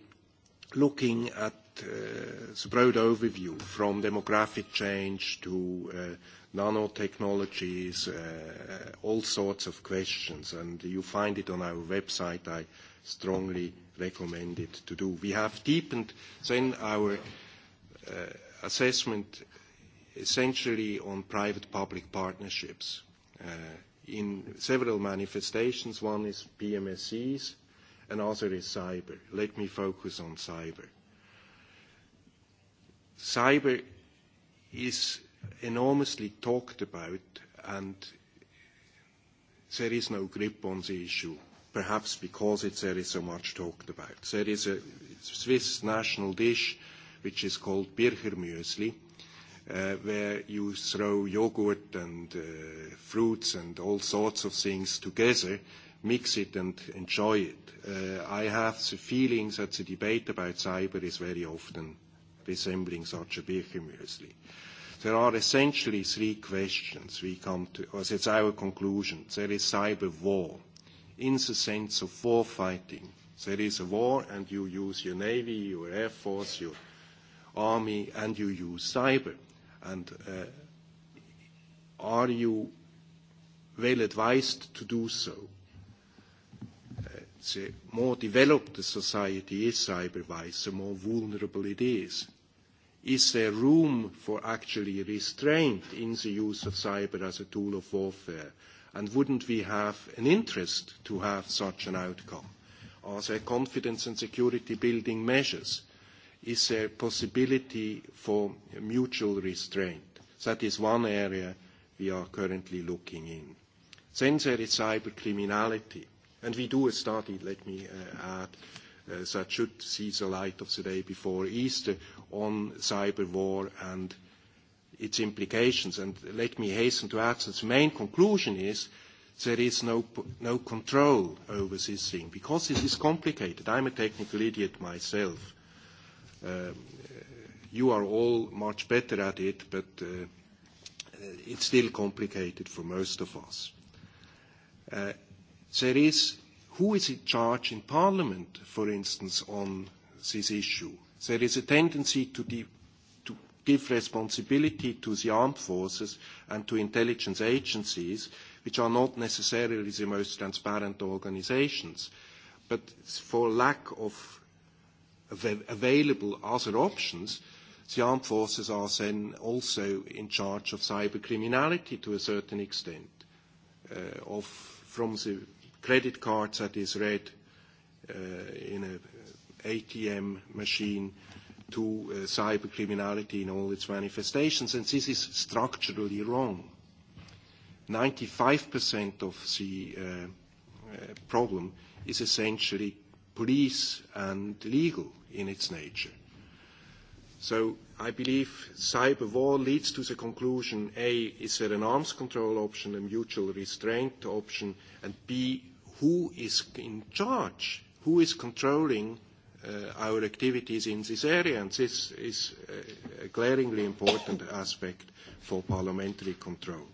looking at uh, the broad overview from demographic change to uh, nanotechnologies, uh, all sorts of questions, and you find it on our website. I strongly recommended to do. We have deepened then our uh, assessment essentially on private-public partnerships uh, in several manifestations. One is PMSCs, another is cyber. Let me focus on cyber. Cyber is enormously talked about, and there is no grip on the issue perhaps because it's there is so much talked about. There is a Swiss national dish which is called Birchermüsli, uh, where you throw yogurt and uh, fruits and all sorts of things together, mix it and enjoy it. Uh, I have the feeling that the debate about cyber is very often resembling such a bircher Birchermüsli. There are essentially three questions we come to, or it's our conclusion. There is cyber war in the sense of war fighting. There is a war and you use your navy, your air force, your army, and you use cyber. And uh, are you well advised to do so? Uh, the more developed the society is cyber-wise, the more vulnerable it is. Is there room for actually restraint in the use of cyber as a tool of warfare? And wouldn't we have an interest to have such an outcome? Are there confidence and security building measures? Is there a possibility for mutual restraint? That is one area we are currently looking in. Then there is cyber criminality. And we do a study, let me uh, add, uh, that should see the light of the day before Easter on cyber war and its implications. And let me hasten to add that the main conclusion is there is no, no control over this thing because it is complicated. I'm a technical idiot myself. Um, you are all much better at it, but uh, uh, it's still complicated for most of us. Uh, there is who is in charge in Parliament, for instance, on this issue. There is a tendency to, de- give responsibility to the armed forces and to intelligence agencies, which are not necessarily the most transparent organizations. But for lack of available other options, the armed forces are then also in charge of cyber criminality to a certain extent, uh, of, from the credit cards that is read uh, in an ATM machine to uh, cybercriminality in all its manifestations, and this is structurally wrong. 95% of the uh, uh, problem is essentially police and legal in its nature. So I believe cyber war leads to the conclusion, A, is there an arms control option, a mutual restraint option, and B, who is in charge? Who is controlling uh, our activities in this area, and this is a glaringly important aspect for parliamentary control.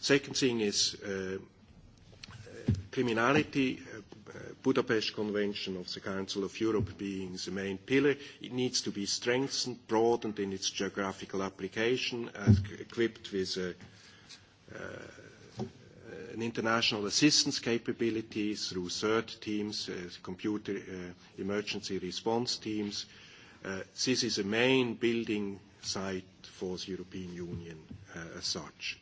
Second thing is uh, uh criminality. Uh, uh, Budapest Convention of the Council of Europe being the main pillar, it needs to be strengthened, broadened in its geographical application, and equipped with a, uh, an international assistance capability through third teams, uh, computer uh, emergency response teams. Uh, this is a main building site for the European Union uh, as such.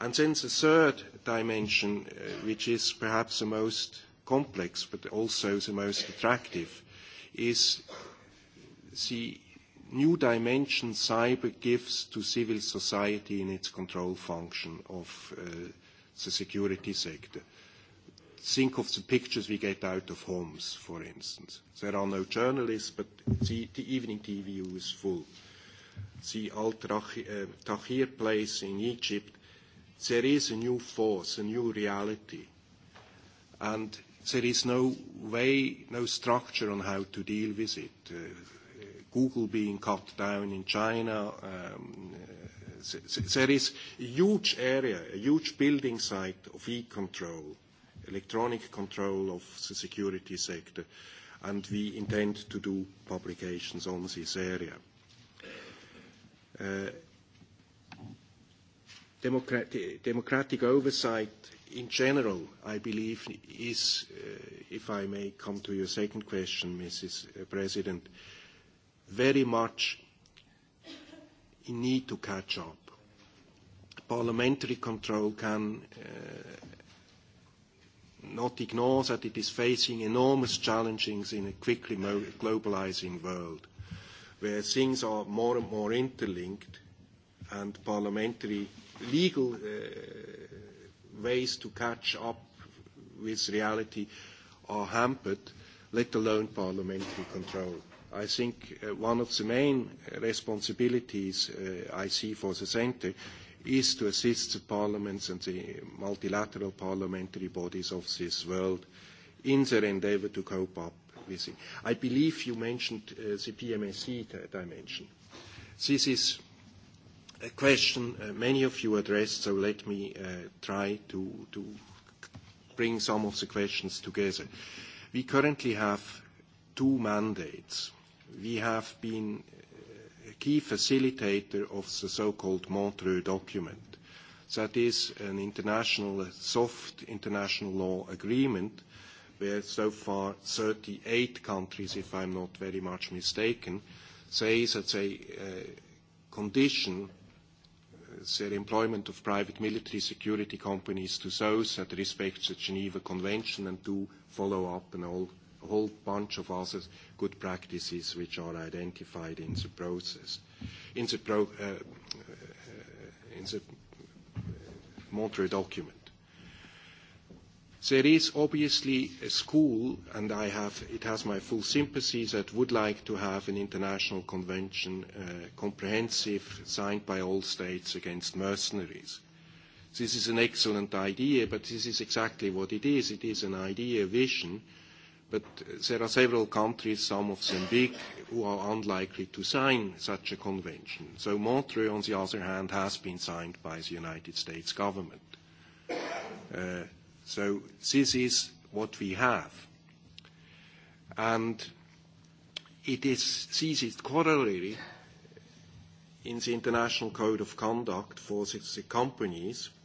And then the third dimension, uh, which is perhaps the most complex but also the most attractive, is the new dimension cyber gives to civil society in its control function of uh, the security sector. Think of the pictures we get out of homes, for instance. There are no journalists, but the, the evening TV is full. The Al-Tahrir uh, place in Egypt, there is a new force, a new reality. And there is no way, no structure on how to deal with it. Uh, Google being cut down in China, um, there is a huge area, a huge building site of e-control, electronic control of the security sector, and we intend to do publications on this area. Uh, democratic, democratic oversight in general, I believe, is, uh, if I may come to your second question, Mrs. Uh, President, very much in need to catch up. Parliamentary control can uh, not ignore that it is facing enormous challenges in a quickly globalizing world, where things are more and more interlinked, and parliamentary legal uh, ways to catch up with reality are hampered, let alone parliamentary control. I think uh, one of the main uh, responsibilities uh, I see for the Centre is to assist the parliaments and the multilateral parliamentary bodies of this world in their endeavour to cope up with it. I believe you mentioned the PMSC dimension. This is a question many of you addressed, so let me try to bring some of the questions together. We currently have two mandates we have been a uh, key facilitator of the so-called Montreux document. That is an international, a soft international law agreement where so far 38 countries, if I'm not very much mistaken, say that they uh, condition uh, their employment of private military security companies to those that respect the Geneva Convention and do follow up on all a whole bunch of other good practices which are identified in the process. In the, uh, uh, Monterrey document. There is obviously a school, and I have, it has my full sympathy, that would like to have an international convention, uh, comprehensive, signed by all states against mercenaries. This is an excellent idea, but this is exactly what it is. It is an idea, a vision, But there are several countries, some of them big, who are unlikely to sign such a convention. So Montreux, on the other hand, has been signed by the United States government. Uh, so this is what we have. And it is this is corollary in the International Code of Conduct for the, the companies –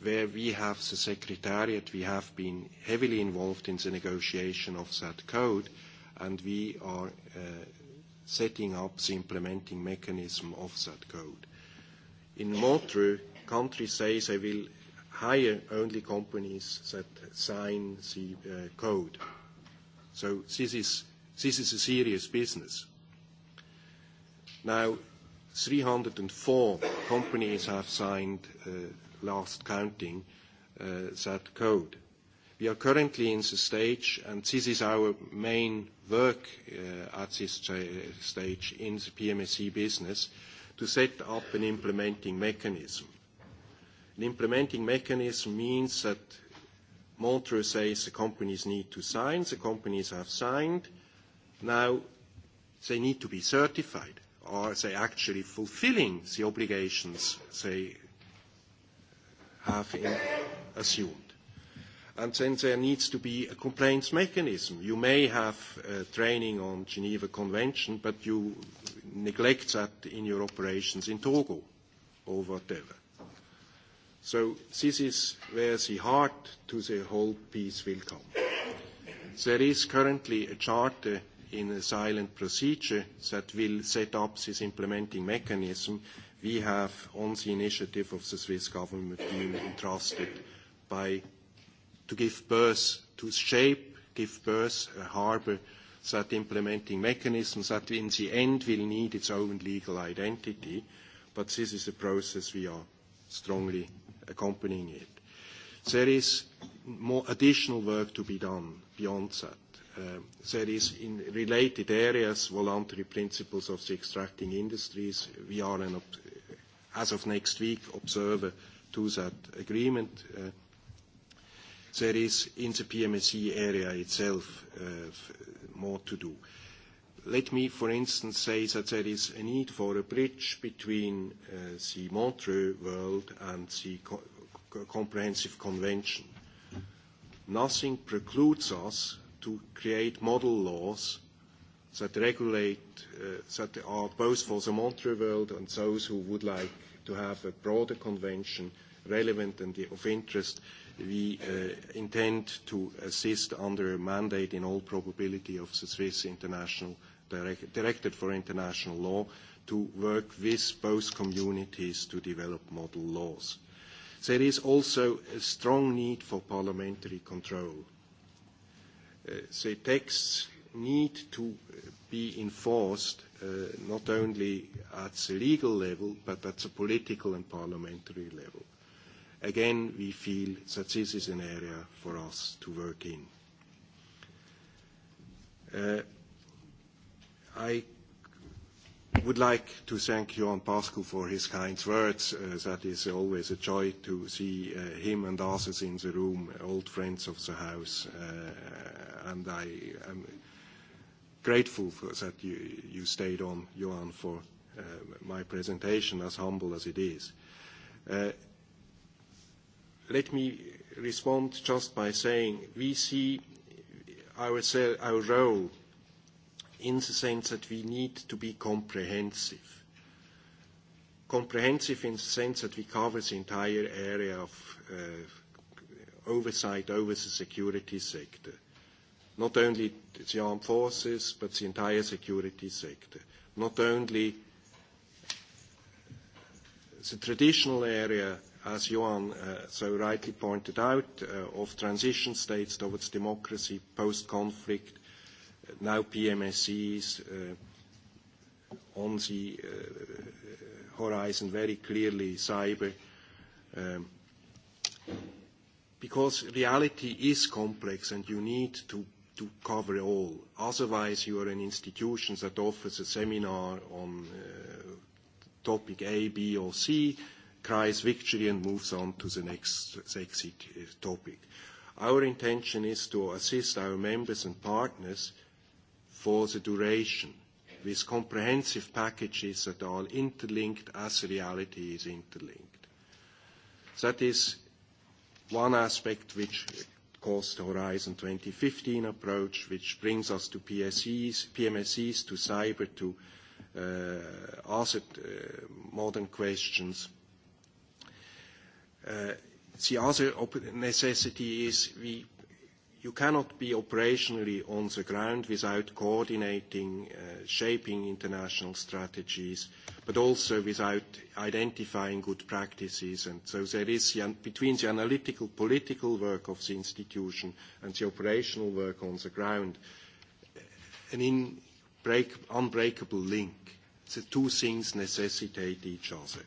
where we have the Secretariat, we have been heavily involved in the negotiation of that code, and we are uh, setting up the implementing mechanism of that code. In motor, countries say they will hire only companies that sign the uh, code. So this is, this is a serious business. Now, 304 companies have signed uh, last counting uh, that code. We are currently in the stage, and this is our main work uh, at this uh, stage in the PMSE business, to set up an implementing mechanism. An implementing mechanism means that Montreux says the companies need to sign, the companies have signed. Now, they need to be certified. Are they actually fulfilling the obligations they have in, assumed. And then there needs to be a complaints mechanism. You may have uh, training on Geneva Convention, but you neglect that in your operations in Togo or whatever. So this is where the heart to the whole piece will come. There is currently a charter in a silent procedure that will set up this implementing mechanism we have, on the initiative of the Swiss government, been entrusted by to give birth, to shape, give birth a harbour that implementing mechanisms that in the end will need its own legal identity. But this is a process we are strongly accompanying it. There is more additional work to be done beyond that. Uh, there is in related areas, voluntary principles of the extracting industries. We are an, as of next week, observer to that agreement. Uh, there is, in the PMSE area itself, uh, more to do. Let me, for instance, say that there is a need for a bridge between uh, the Montreux world and the co comprehensive convention. Nothing precludes us to create model laws that regulate, uh, that are both for the Montreux world and those who would like to have a broader convention relevant and of interest. We uh, intend to assist under a mandate in all probability of the Swiss International Direct Directorate for International Law to work with both communities to develop model laws. There is also a strong need for parliamentary control. Uh, the texts need to be enforced uh, not only at the legal level, but at the political and parliamentary level. Again, we feel that this is an area for us to work in. Uh, I would like to thank Johan Pascu for his kind words. Uh, that is always a joy to see uh, him and others in the room, old friends of the house. Uh, and I am um, grateful for that you, you stayed on, Johan, for uh, my presentation, as humble as it is. Uh, let me respond just by saying we see our, our role in the sense that we need to be comprehensive. Comprehensive in the sense that we cover the entire area of uh, oversight over the security sector not only the armed forces, but the entire security sector, not only the traditional area, as Johan uh, so rightly pointed out, uh, of transition states towards democracy, post-conflict, uh, now PMSEs, uh, on the uh, horizon, very clearly cyber. Um, because reality is complex, and you need to to cover all. Otherwise, you are an institution that offers a seminar on uh, topic A, B, or C, cries victory, and moves on to the next sexy uh, topic. Our intention is to assist our members and partners for the duration with comprehensive packages that are interlinked as reality is interlinked. That is one aspect which calls the Horizon 2015 approach, which brings us to PSEs, PMSEs, to cyber, to uh, asset uh, modern questions. Uh, the other necessity is we you cannot be operationally on the ground without coordinating, uh, shaping international strategies, but also without identifying good practices. And so there is between the analytical, political work of the institution and the operational work on the ground, uh, an unbreakable link. The two things necessitate each other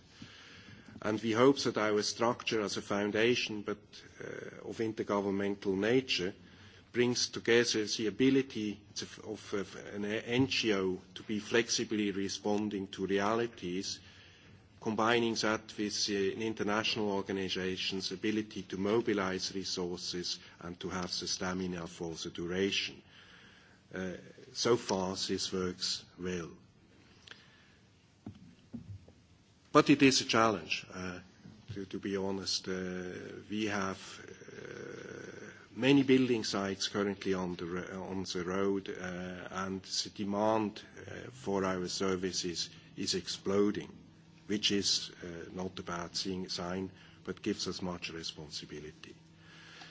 and we hope that our structure as a foundation, but uh, of intergovernmental nature, brings together the ability of, an NGO to be flexibly responding to realities, combining that with an international organization's ability to mobilize resources and to have the stamina for the duration. Uh, so far, this works well. But it is a challenge, uh, to, be honest. Uh, we have uh, many building sites currently on the, on the road, and the demand for our services is exploding, which is not a bad thing, sign, but gives us much responsibility.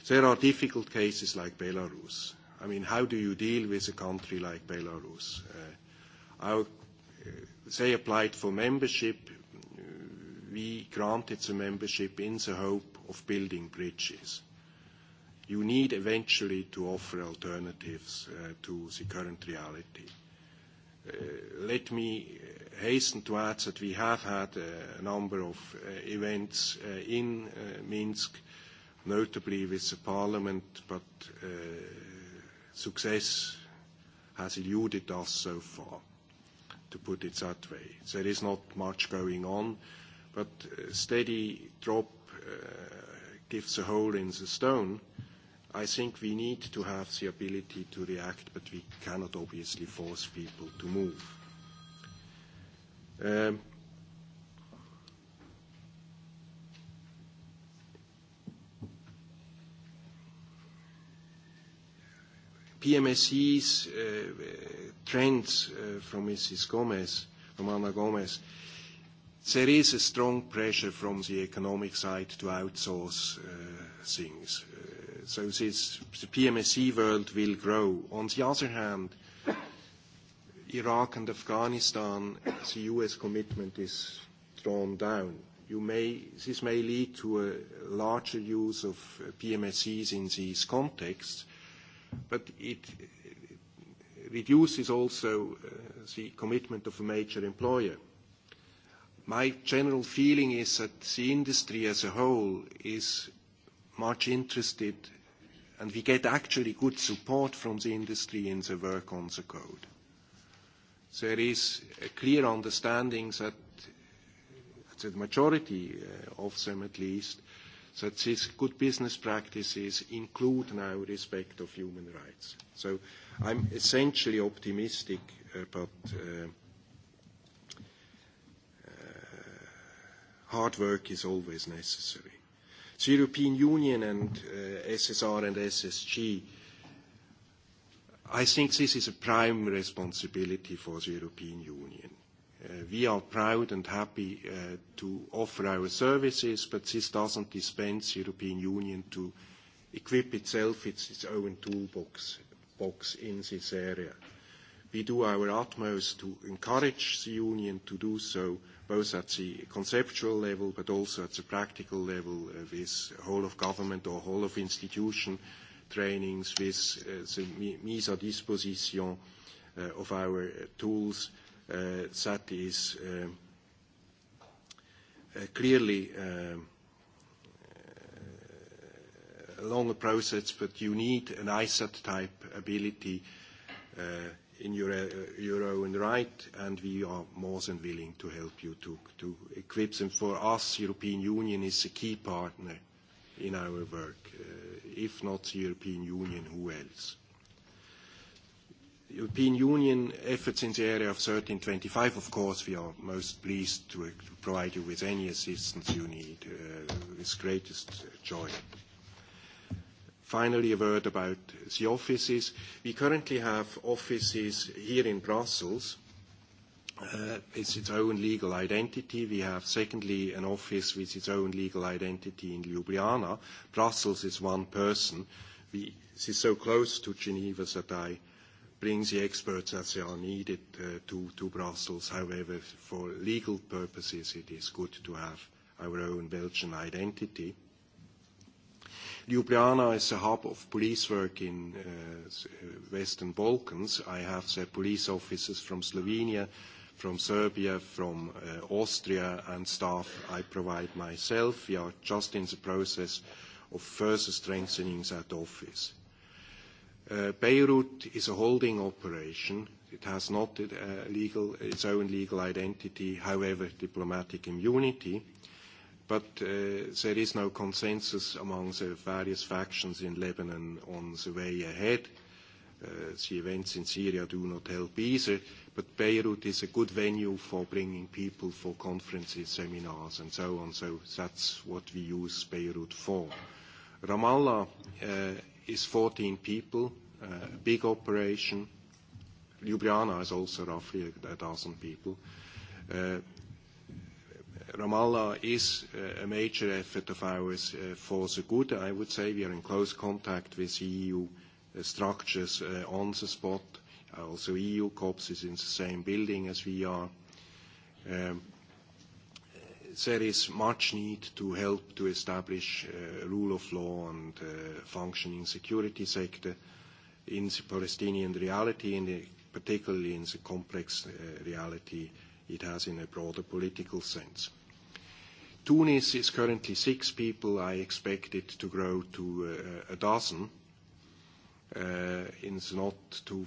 There are difficult cases like Belarus. I mean, how do you deal with a country like Belarus? Our, they applied for membership we granted the membership in the hope of building bridges. You need eventually to offer alternatives uh, to the current reality. Uh, let me uh, hasten to add that we have had uh, a number of uh, events uh, in uh, Minsk, notably with the parliament, but success has eluded us so far, to put it that way. There is not much going on but steady drop uh, gives a hole in the stone, I think we need to have the ability to react, but we cannot obviously force people to move. Um, PMSE's uh, trends uh, from Mrs. Gomez, from Ana Gomez, there is a strong pressure from the economic side to outsource uh, things. Uh, so this, the PMSE world will grow. On the other hand, Iraq and Afghanistan, the U.S. commitment is drawn down. You may, this may lead to a larger use of uh, PMSEs in these contexts, but it reduces also the commitment of a major employer my general feeling is that the industry as a whole is much interested, and we get actually good support from the industry in the work on the code. There is a clear understanding that the majority uh, of them at least, that these good business practices include now respect of human rights. So I'm essentially optimistic about uh, hard work is always necessary. The European Union and uh, SSR and SSG, I think this is a prime responsibility for the European Union. Uh, we are proud and happy uh, to offer our services, but this doesn't dispense the European Union to equip itself with its own toolbox box in this area. We do our utmost to encourage the Union to do so, both at the conceptual level but also at the practical level uh, with whole of government or whole of institution trainings, with uh, the mise à disposition uh, of our uh, tools. Uh, that is uh, uh, clearly uh, a longer process, but you need an ISAT type ability uh, in uh, your, own right, and we are more than willing to help you to, equip them. For us, European Union is a key partner in our work. Uh, if not the European Union, who else? European Union efforts in the area of 1325, of course, we are most pleased to, provide you with any assistance you need. Uh, with greatest joy. Finally, a word about the offices. We currently have offices here in Brussels. Uh, it's its own legal identity. We have, secondly, an office with its own legal identity in Ljubljana. Brussels is one person. We, sit is so close to Geneva that I bring the experts as they are needed uh, to Brussels. However, for legal purposes, it is good to have our own Belgian identity. Ljubljana is a hub of police work in uh, uh Western Balkans. I have said police officers from Slovenia, from Serbia, from uh, Austria, and staff I provide myself. We are just in the process of further strengthening that office. Uh, Beirut is a holding operation. It has not uh, legal, its own legal identity, however, diplomatic immunity. But uh, there is no consensus among the various factions in Lebanon on the way ahead. Uh, the events in Syria do not help either, but Beirut is a good venue for bringing people for conferences, seminars, and so on. So that's what we use Beirut for. Ramallah uh, is 14 people, uh, a big operation. Ljubljana is also roughly a dozen people. Uh, Ramallah is uh, a major effort of ours uh, for the good. I would say we are in close contact with EU uh, structures on the spot. Also, EU COPS is in the same building as we are. Um, there is much need to help to establish rule of law and functioning security sector in the Palestinian reality, and particularly in the complex reality it has in a broader political sense. Tunis is currently six people. I expect it to grow to uh, a dozen uh, in not too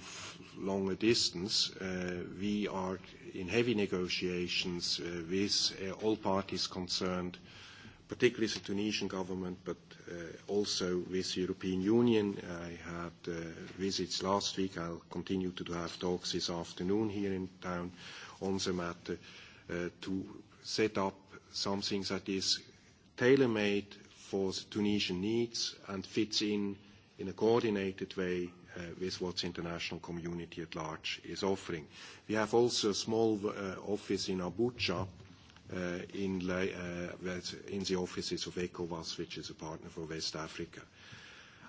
long a distance. Uh, we are in heavy negotiations uh, with all parties concerned, particularly the Tunisian government, but also with European Union. I had visits last week. I'll continue to have talks this afternoon here in town on the matter to set up something that is tailor-made for the Tunisian needs and fits in in a coordinated way uh, with what the international community at large is offering. We have also a small uh, office in Abuja, uh, in, uh, in the offices of ECOWAS, which is a partner for West Africa.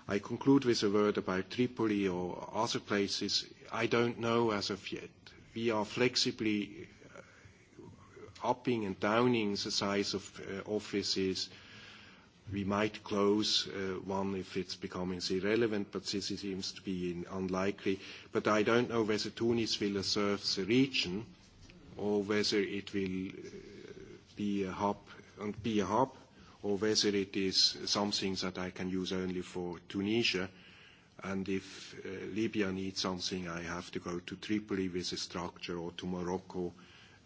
I conclude with a word about Tripoli or other places. I don't know as of yet. We are flexibly upping and downing the size of uh, offices. We might close uh, one if it's becoming irrelevant, but this seems to be unlikely. But I don't know whether Tunis will serve the region or whether it will uh, be a hub, and be a hub, or whether it is something that I can use only for Tunisia. And if uh, Libya needs something, I have to go to Tripoli with a structure or to Morocco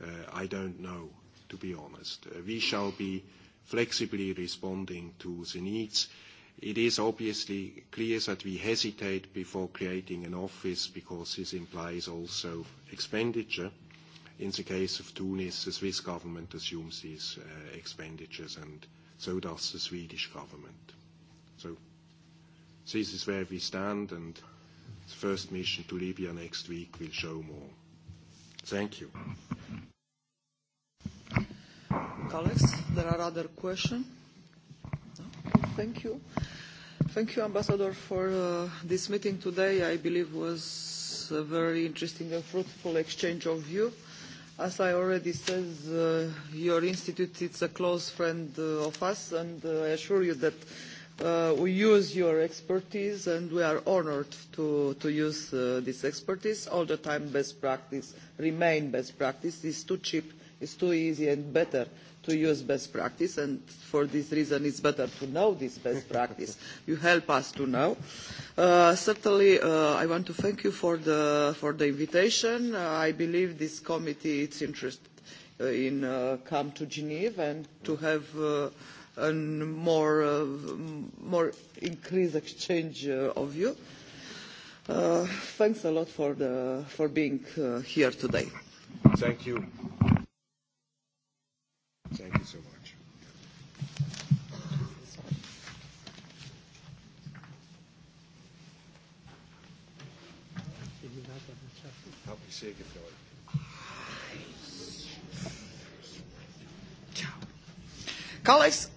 Uh, I don't know, to be honest. Uh, we shall be flexibly responding to the needs. It is obviously clear that we hesitate before creating an office because this implies also expenditure. In the case of Tunis, the Swiss government assumes these uh, expenditures, and so does the Swedish government. So this is where we stand, and the first mission to Libya next week will show more. Thank you colleagues. There are other questions? No? Thank you. Thank you, Ambassador, for uh, this meeting today. I believe was a very interesting and fruitful exchange of view. As I already said, uh, your institute is a close friend uh, of us, and I assure you that we use your expertise, and we are honored to, to use this expertise. All the time, best practice remain best practice. It's too cheap, it's too easy, and better to use best practice, and for this reason it's better to know this best practice. <laughs> You help us to know. Uh, certainly, uh, I want to thank you for the, for the invitation. Uh, I believe this committee is interested uh, in uh, come to Geneva and to mm. have uh, a more, uh, more increased exchange uh, of you. Uh, thanks a lot for, the, for being uh, here today. Thank you. Thank you so much. Help me say Ciao. Colleagues,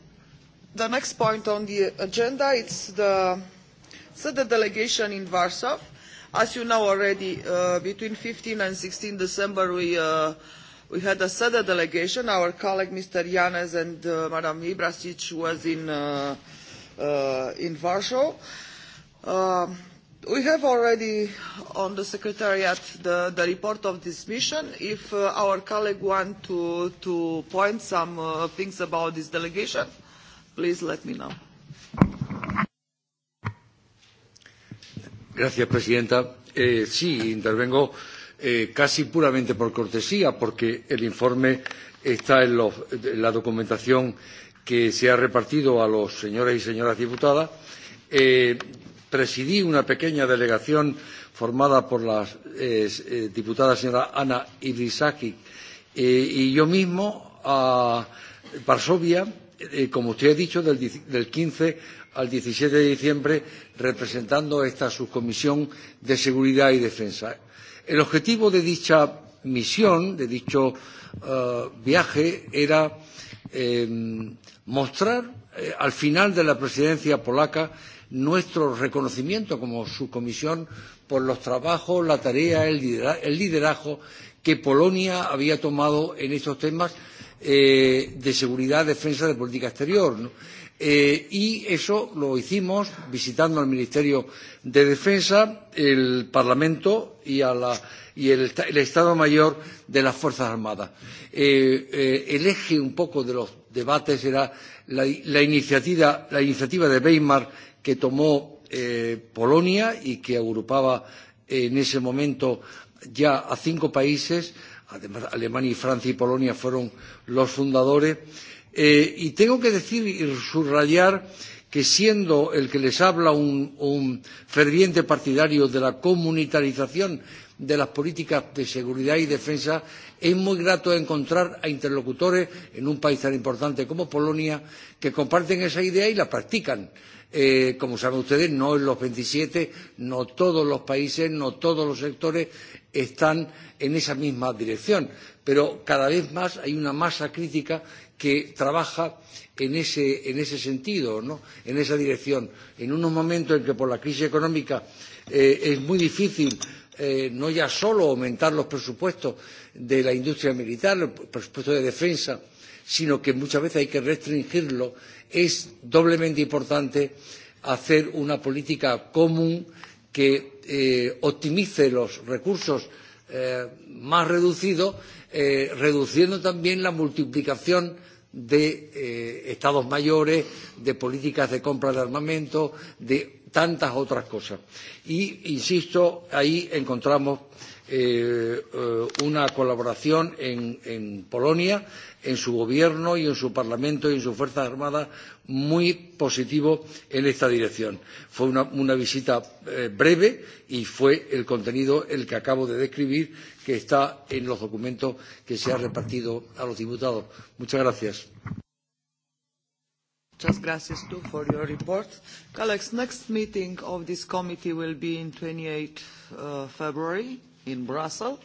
the next point on the agenda is the SEDA delegation in Warsaw. As you know already, uh, between 15 and 16 December, we uh, We had a SEDA delegation. Our colleague, Mr. Yanes, and uh, Madam Ibrasic was in, uh, uh, in Warsaw. Um, we have already on the Secretariat the, the report of this mission. If uh, our colleague wants to, to point some uh, things about this delegation, please let me know. Gracias, Presidenta. Eh, sí, intervengo eh, casi puramente por cortesía, porque el informe está en, los, en la documentación que se ha repartido a los señores y señoras diputadas. Eh, presidí una pequeña delegación formada por la eh, diputada señora Ana Ibrisaki eh, y yo mismo a Varsovia, eh, como usted ha dicho, del, del 15 al 17 de diciembre, representando esta subcomisión de seguridad y defensa. El objetivo de dicha misión, de dicho uh, viaje, era eh, mostrar eh, al final de la presidencia polaca nuestro reconocimiento como su comisión por los trabajos, la tarea, el, lidera el liderazgo que Polonia había tomado en estos temas eh, de seguridad, defensa, de política exterior. ¿no? Eh, Eh, y eso lo hicimos visitando al Ministerio de Defensa, el Parlamento y, a la, y el, el Estado Mayor de las Fuerzas Armadas. Eh, eh, el eje un poco de los debates era la, la, iniciativa, la iniciativa de Weimar que tomó eh, Polonia y que agrupaba eh, en ese momento ya a cinco países, además Alemania, Francia y Polonia fueron los fundadores Eh, y tengo que decir y subrayar que siendo el que les habla un, un ferviente partidario de la comunitarización de las políticas de seguridad y defensa, es muy grato encontrar a interlocutores en un país tan importante como Polonia que comparten esa idea y la practican. Eh, como saben ustedes, no en los 27, no todos los países, no todos los sectores están en esa misma dirección, pero cada vez más hay una masa crítica que trabaja en ese, en ese sentido, ¿no? en esa dirección. En unos momentos en que por la crisis económica eh, es muy difícil eh, no ya solo aumentar los presupuestos de la industria militar, los presupuestos de defensa, sino que muchas veces hay que restringirlo, es doblemente importante hacer una política común que eh, optimice los recursos eh, más reducidos, eh, reduciendo también la multiplicación de eh, estados mayores, de políticas de compra de armamento, de tantas otras cosas. Y, insisto, ahí encontramos eh, eh, una colaboración en, en Polonia en su gobierno y en su parlamento y en sus fuerzas armadas muy positivo en esta dirección. Fue una, una visita eh, breve y fue el contenido el que acabo de describir que está en los documentos que se han repartido a los diputados. Muchas gracias. Muchas gracias too for your report. Colleagues, next meeting of this committee will be in 28 uh, February in Brussels.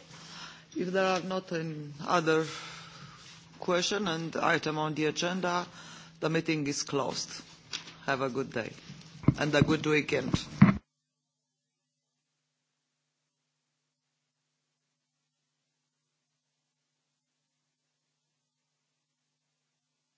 If there are not any other question and item on the agenda. The meeting is closed. Have a good day and a good weekend.